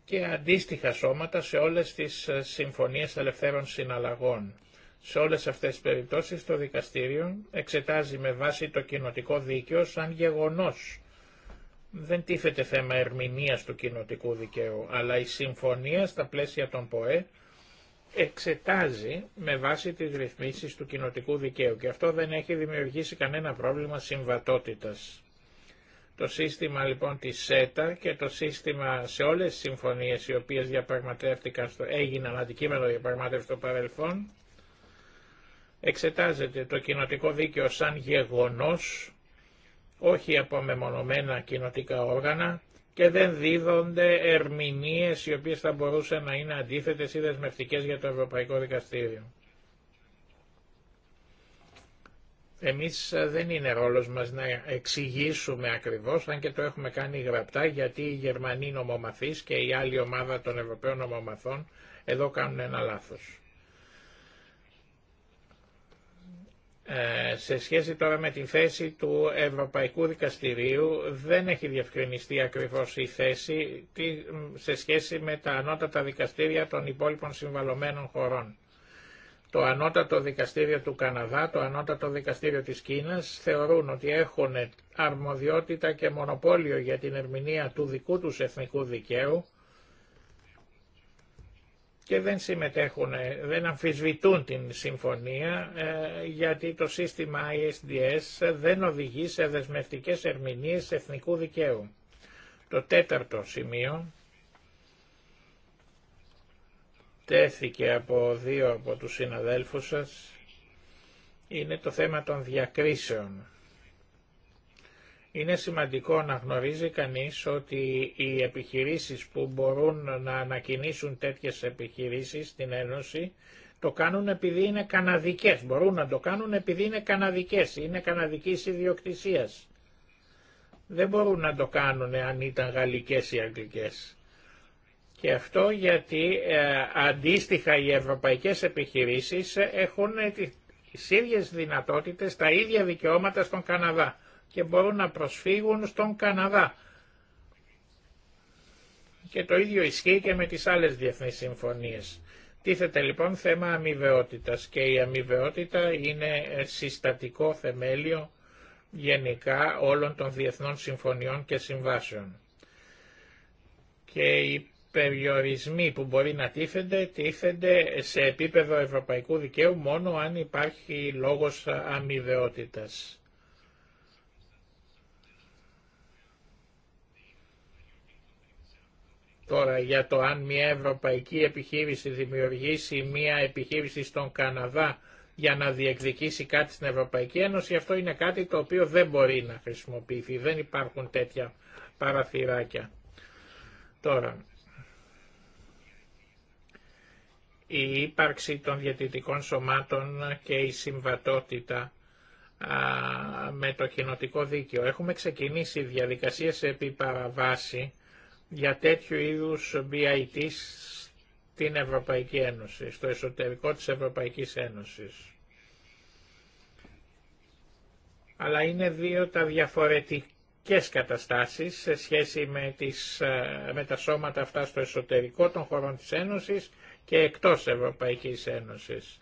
S3: και αντίστοιχα σώματα σε όλες τις ε, συμφωνίες ελευθέρων συναλλαγών. Σε όλες αυτές τις περιπτώσεις το δικαστήριο εξετάζει με βάση το κοινοτικό δίκαιο σαν γεγονός. Δεν τίθεται θέμα ερμηνείας του κοινοτικού δικαίου, αλλά η συμφωνία στα πλαίσια των ΠΟΕ εξετάζει με βάση τις ρυθμίσεις του κοινοτικού δικαίου και αυτό δεν έχει δημιουργήσει κανένα πρόβλημα συμβατότητας. Το σύστημα λοιπόν της ΣΕΤΑ και το σύστημα σε όλες τις συμφωνίες οι οποίες διαπραγματεύτηκαν στο, έγιναν αντικείμενο διαπραγμάτευση στο παρελθόν εξετάζεται το κοινοτικό δίκαιο σαν γεγονός όχι από μεμονωμένα κοινοτικά όργανα και δεν δίδονται ερμηνείες οι οποίες θα μπορούσαν να είναι αντίθετες ή δεσμευτικές για το Ευρωπαϊκό Δικαστήριο. Εμείς ε, δεν είναι ρόλος μας να εξηγήσουμε ακριβώς, αν και το έχουμε κάνει γραπτά, γιατί οι Γερμανοί νομομαθείς και η άλλη ομάδα των Ευρωπαίων νομομαθών εδώ κάνουν ένα λάθος. Ε, σε σχέση τώρα με τη θέση του Ευρωπαϊκού Δικαστηρίου δεν έχει διευκρινιστεί ακριβώς η θέση σε σχέση με τα ανώτατα δικαστήρια των υπόλοιπων συμβαλωμένων χωρών. Το ανώτατο δικαστήριο του Καναδά, το ανώτατο δικαστήριο της Κίνας θεωρούν ότι έχουν αρμοδιότητα και μονοπόλιο για την ερμηνεία του δικού τους εθνικού δικαίου και δεν συμμετέχουν, ε, δεν αμφισβητούν την συμφωνία ε, γιατί το σύστημα ISDS δεν οδηγεί σε δεσμευτικές ερμηνείες εθνικού δικαίου. Το τέταρτο σημείο τέθηκε από δύο από τους συναδέλφους σας είναι το θέμα των διακρίσεων. Είναι σημαντικό να γνωρίζει κανείς ότι οι επιχειρήσεις που μπορούν να ανακινήσουν τέτοιες επιχειρήσεις στην Ένωση το κάνουν επειδή είναι καναδικές. Μπορούν να το κάνουν επειδή είναι καναδικές, είναι καναδικής ιδιοκτησίας. Δεν μπορούν να το κάνουν αν ήταν γαλλικές ή αγγλικές. Και αυτό γιατί ε, αντίστοιχα οι ευρωπαϊκές επιχειρήσεις έχουν τις ίδιες δυνατότητες, τα ίδια δικαιώματα στον Καναδά και μπορούν να προσφύγουν στον Καναδά. Και το ίδιο ισχύει και με τις άλλες διεθνείς συμφωνίες. Τίθεται λοιπόν θέμα αμοιβαιότητας και η αμοιβαιότητα είναι συστατικό θεμέλιο γενικά όλων των διεθνών συμφωνιών και συμβάσεων. Και οι περιορισμοί που μπορεί να τίθενται, τίθενται σε επίπεδο ευρωπαϊκού δικαίου μόνο αν υπάρχει λόγος αμοιβαιότητας. Τώρα για το αν μια ευρωπαϊκή επιχείρηση δημιουργήσει μια επιχείρηση στον Καναδά για να διεκδικήσει κάτι στην Ευρωπαϊκή Ένωση, αυτό είναι κάτι το οποίο δεν μπορεί να χρησιμοποιηθεί. Δεν υπάρχουν τέτοια παραθυράκια. Τώρα, η ύπαρξη των διατηρητικών σωμάτων και η συμβατότητα με το κοινοτικό δίκαιο. Έχουμε ξεκινήσει διαδικασίες επί παραβάση για τέτοιου είδους BIT στην Ευρωπαϊκή Ένωση, στο εσωτερικό της Ευρωπαϊκής Ένωσης. Αλλά είναι δύο τα διαφορετικές καταστάσεις σε σχέση με, τις, ε, με τα σώματα αυτά στο εσωτερικό των χωρών της Ένωσης και εκτός Ευρωπαϊκής Ένωσης.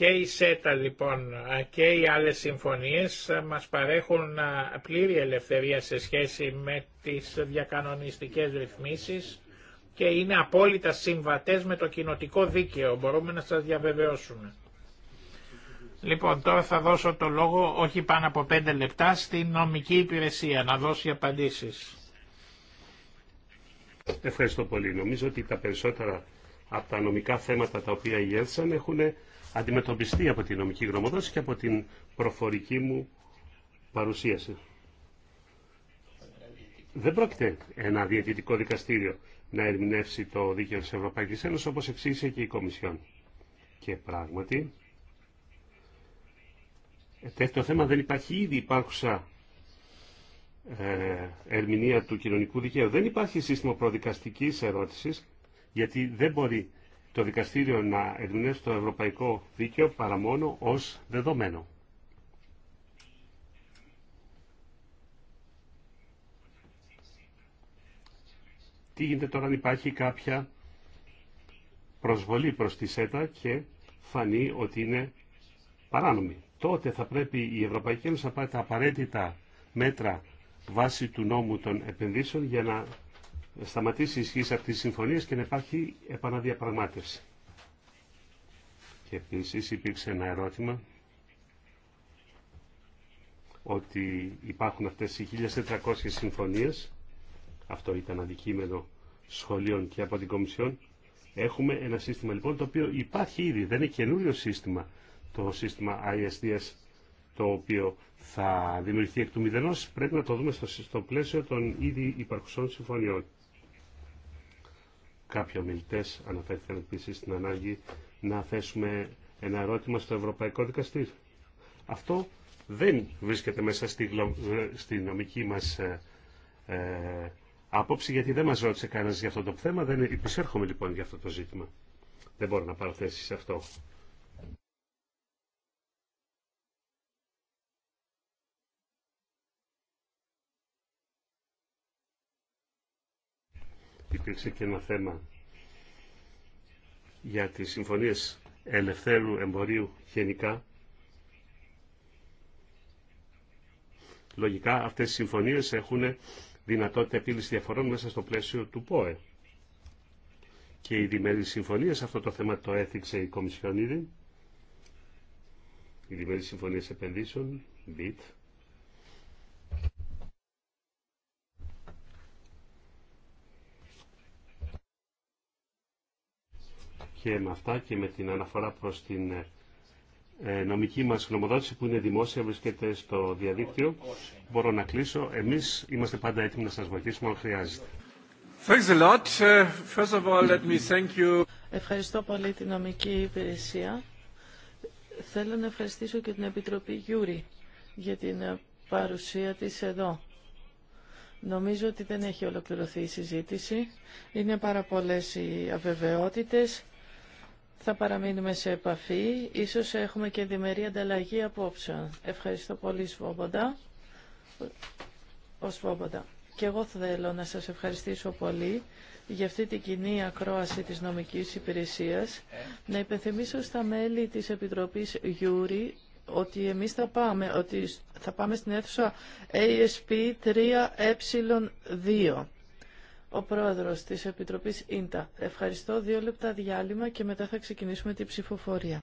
S3: Και η ΣΕΤΑ λοιπόν και οι άλλες συμφωνίες μας παρέχουν πλήρη ελευθερία σε σχέση με τις διακανονιστικές ρυθμίσεις και είναι απόλυτα συμβατές με το κοινοτικό δίκαιο, μπορούμε να σας διαβεβαιώσουμε. Λοιπόν, τώρα θα δώσω το λόγο, όχι πάνω από πέντε λεπτά, στην νομική υπηρεσία, να δώσει απαντήσεις.
S2: Ευχαριστώ πολύ. Νομίζω ότι τα περισσότερα από τα νομικά θέματα τα οποία γέλσαν έχουν αντιμετωπιστεί από τη νομική γνωμοδόση και από την προφορική μου παρουσίαση. Δεν πρόκειται ένα διαιτητικό δικαστήριο να ερμηνεύσει το δίκαιο της Ευρωπαϊκής Ένωσης όπως εξήγησε και η Κομισιόν. Και πράγματι, τέτοιο θέμα δεν υπάρχει ήδη υπάρχουσα ε, ερμηνεία του κοινωνικού δικαίου. Δεν υπάρχει σύστημα προδικαστικής ερώτησης γιατί δεν μπορεί το δικαστήριο να ερμηνεύσει το ευρωπαϊκό δίκαιο παρά μόνο ως δεδομένο. Τι γίνεται τώρα αν υπάρχει κάποια προσβολή προς τη ΣΕΤΑ και φανεί ότι είναι παράνομη. Τότε θα πρέπει η Ευρωπαϊκή Ένωση να πάρει τα απαραίτητα μέτρα βάσει του νόμου των επενδύσεων για να σταματήσει η ισχύ αυτή τη συμφωνία και να υπάρχει επαναδιαπραγμάτευση. Και επίση υπήρξε ένα ερώτημα ότι υπάρχουν αυτές οι 1.400 συμφωνίες, αυτό ήταν αντικείμενο σχολείων και από την Κομισιόν, έχουμε ένα σύστημα λοιπόν το οποίο υπάρχει ήδη, δεν είναι καινούριο σύστημα, το σύστημα ISDS το οποίο θα δημιουργηθεί εκ του μηδενός, πρέπει να το δούμε στο, στο πλαίσιο των ήδη υπαρχουσών συμφωνιών. Κάποιοι ομιλητέ αναφέρθηκαν επίση στην ανάγκη να θέσουμε ένα ερώτημα στο Ευρωπαϊκό Δικαστήριο. Αυτό δεν βρίσκεται μέσα στη, νομική μας ε, ε, άποψη, γιατί δεν μας ρώτησε κανένα για αυτό το θέμα. Δεν υπησέρχομαι λοιπόν για αυτό το ζήτημα. Δεν μπορώ να παραθέσει σε αυτό. υπήρξε και ένα θέμα για τις συμφωνίες ελευθέρου εμπορίου γενικά. Λογικά αυτές οι συμφωνίες έχουν δυνατότητα επίλυση διαφορών μέσα στο πλαίσιο του ΠΟΕ. Και οι διμερείς συμφωνίες, αυτό το θέμα το έθιξε η Κομισιόν ήδη, οι διμερείς συμφωνίες επενδύσεων, BIT, και με αυτά και με την αναφορά προς την ε, νομική μας γνωμοδότηση που είναι δημόσια, βρίσκεται στο διαδίκτυο. Μπορώ να κλείσω. Εμείς είμαστε πάντα έτοιμοι να σας βοηθήσουμε αν χρειάζεται. Ε,
S1: Ευχαριστώ πολύ την νομική υπηρεσία. Θέλω να ευχαριστήσω και την Επιτροπή Γιούρη για την ε, παρουσία της εδώ. Νομίζω ότι δεν έχει ολοκληρωθεί η συζήτηση. Είναι πάρα πολλές οι αβεβαιότητες. Θα παραμείνουμε σε επαφή. Ίσως έχουμε και διμερή ανταλλαγή απόψεων. Ευχαριστώ πολύ, Σβόμποντα. Ο Σβόμποντα. Και εγώ θέλω να σας ευχαριστήσω πολύ για αυτή την κοινή ακρόαση της νομικής υπηρεσίας. Να υπενθυμίσω στα μέλη της Επιτροπής Γιούρη ότι εμείς θα πάμε, ότι θα πάμε στην αίθουσα ASP 3E2. Ο πρόεδρος της Επιτροπής Ίντα. Ευχαριστώ. Δύο λεπτά διάλειμμα και μετά θα ξεκινήσουμε την ψηφοφορία.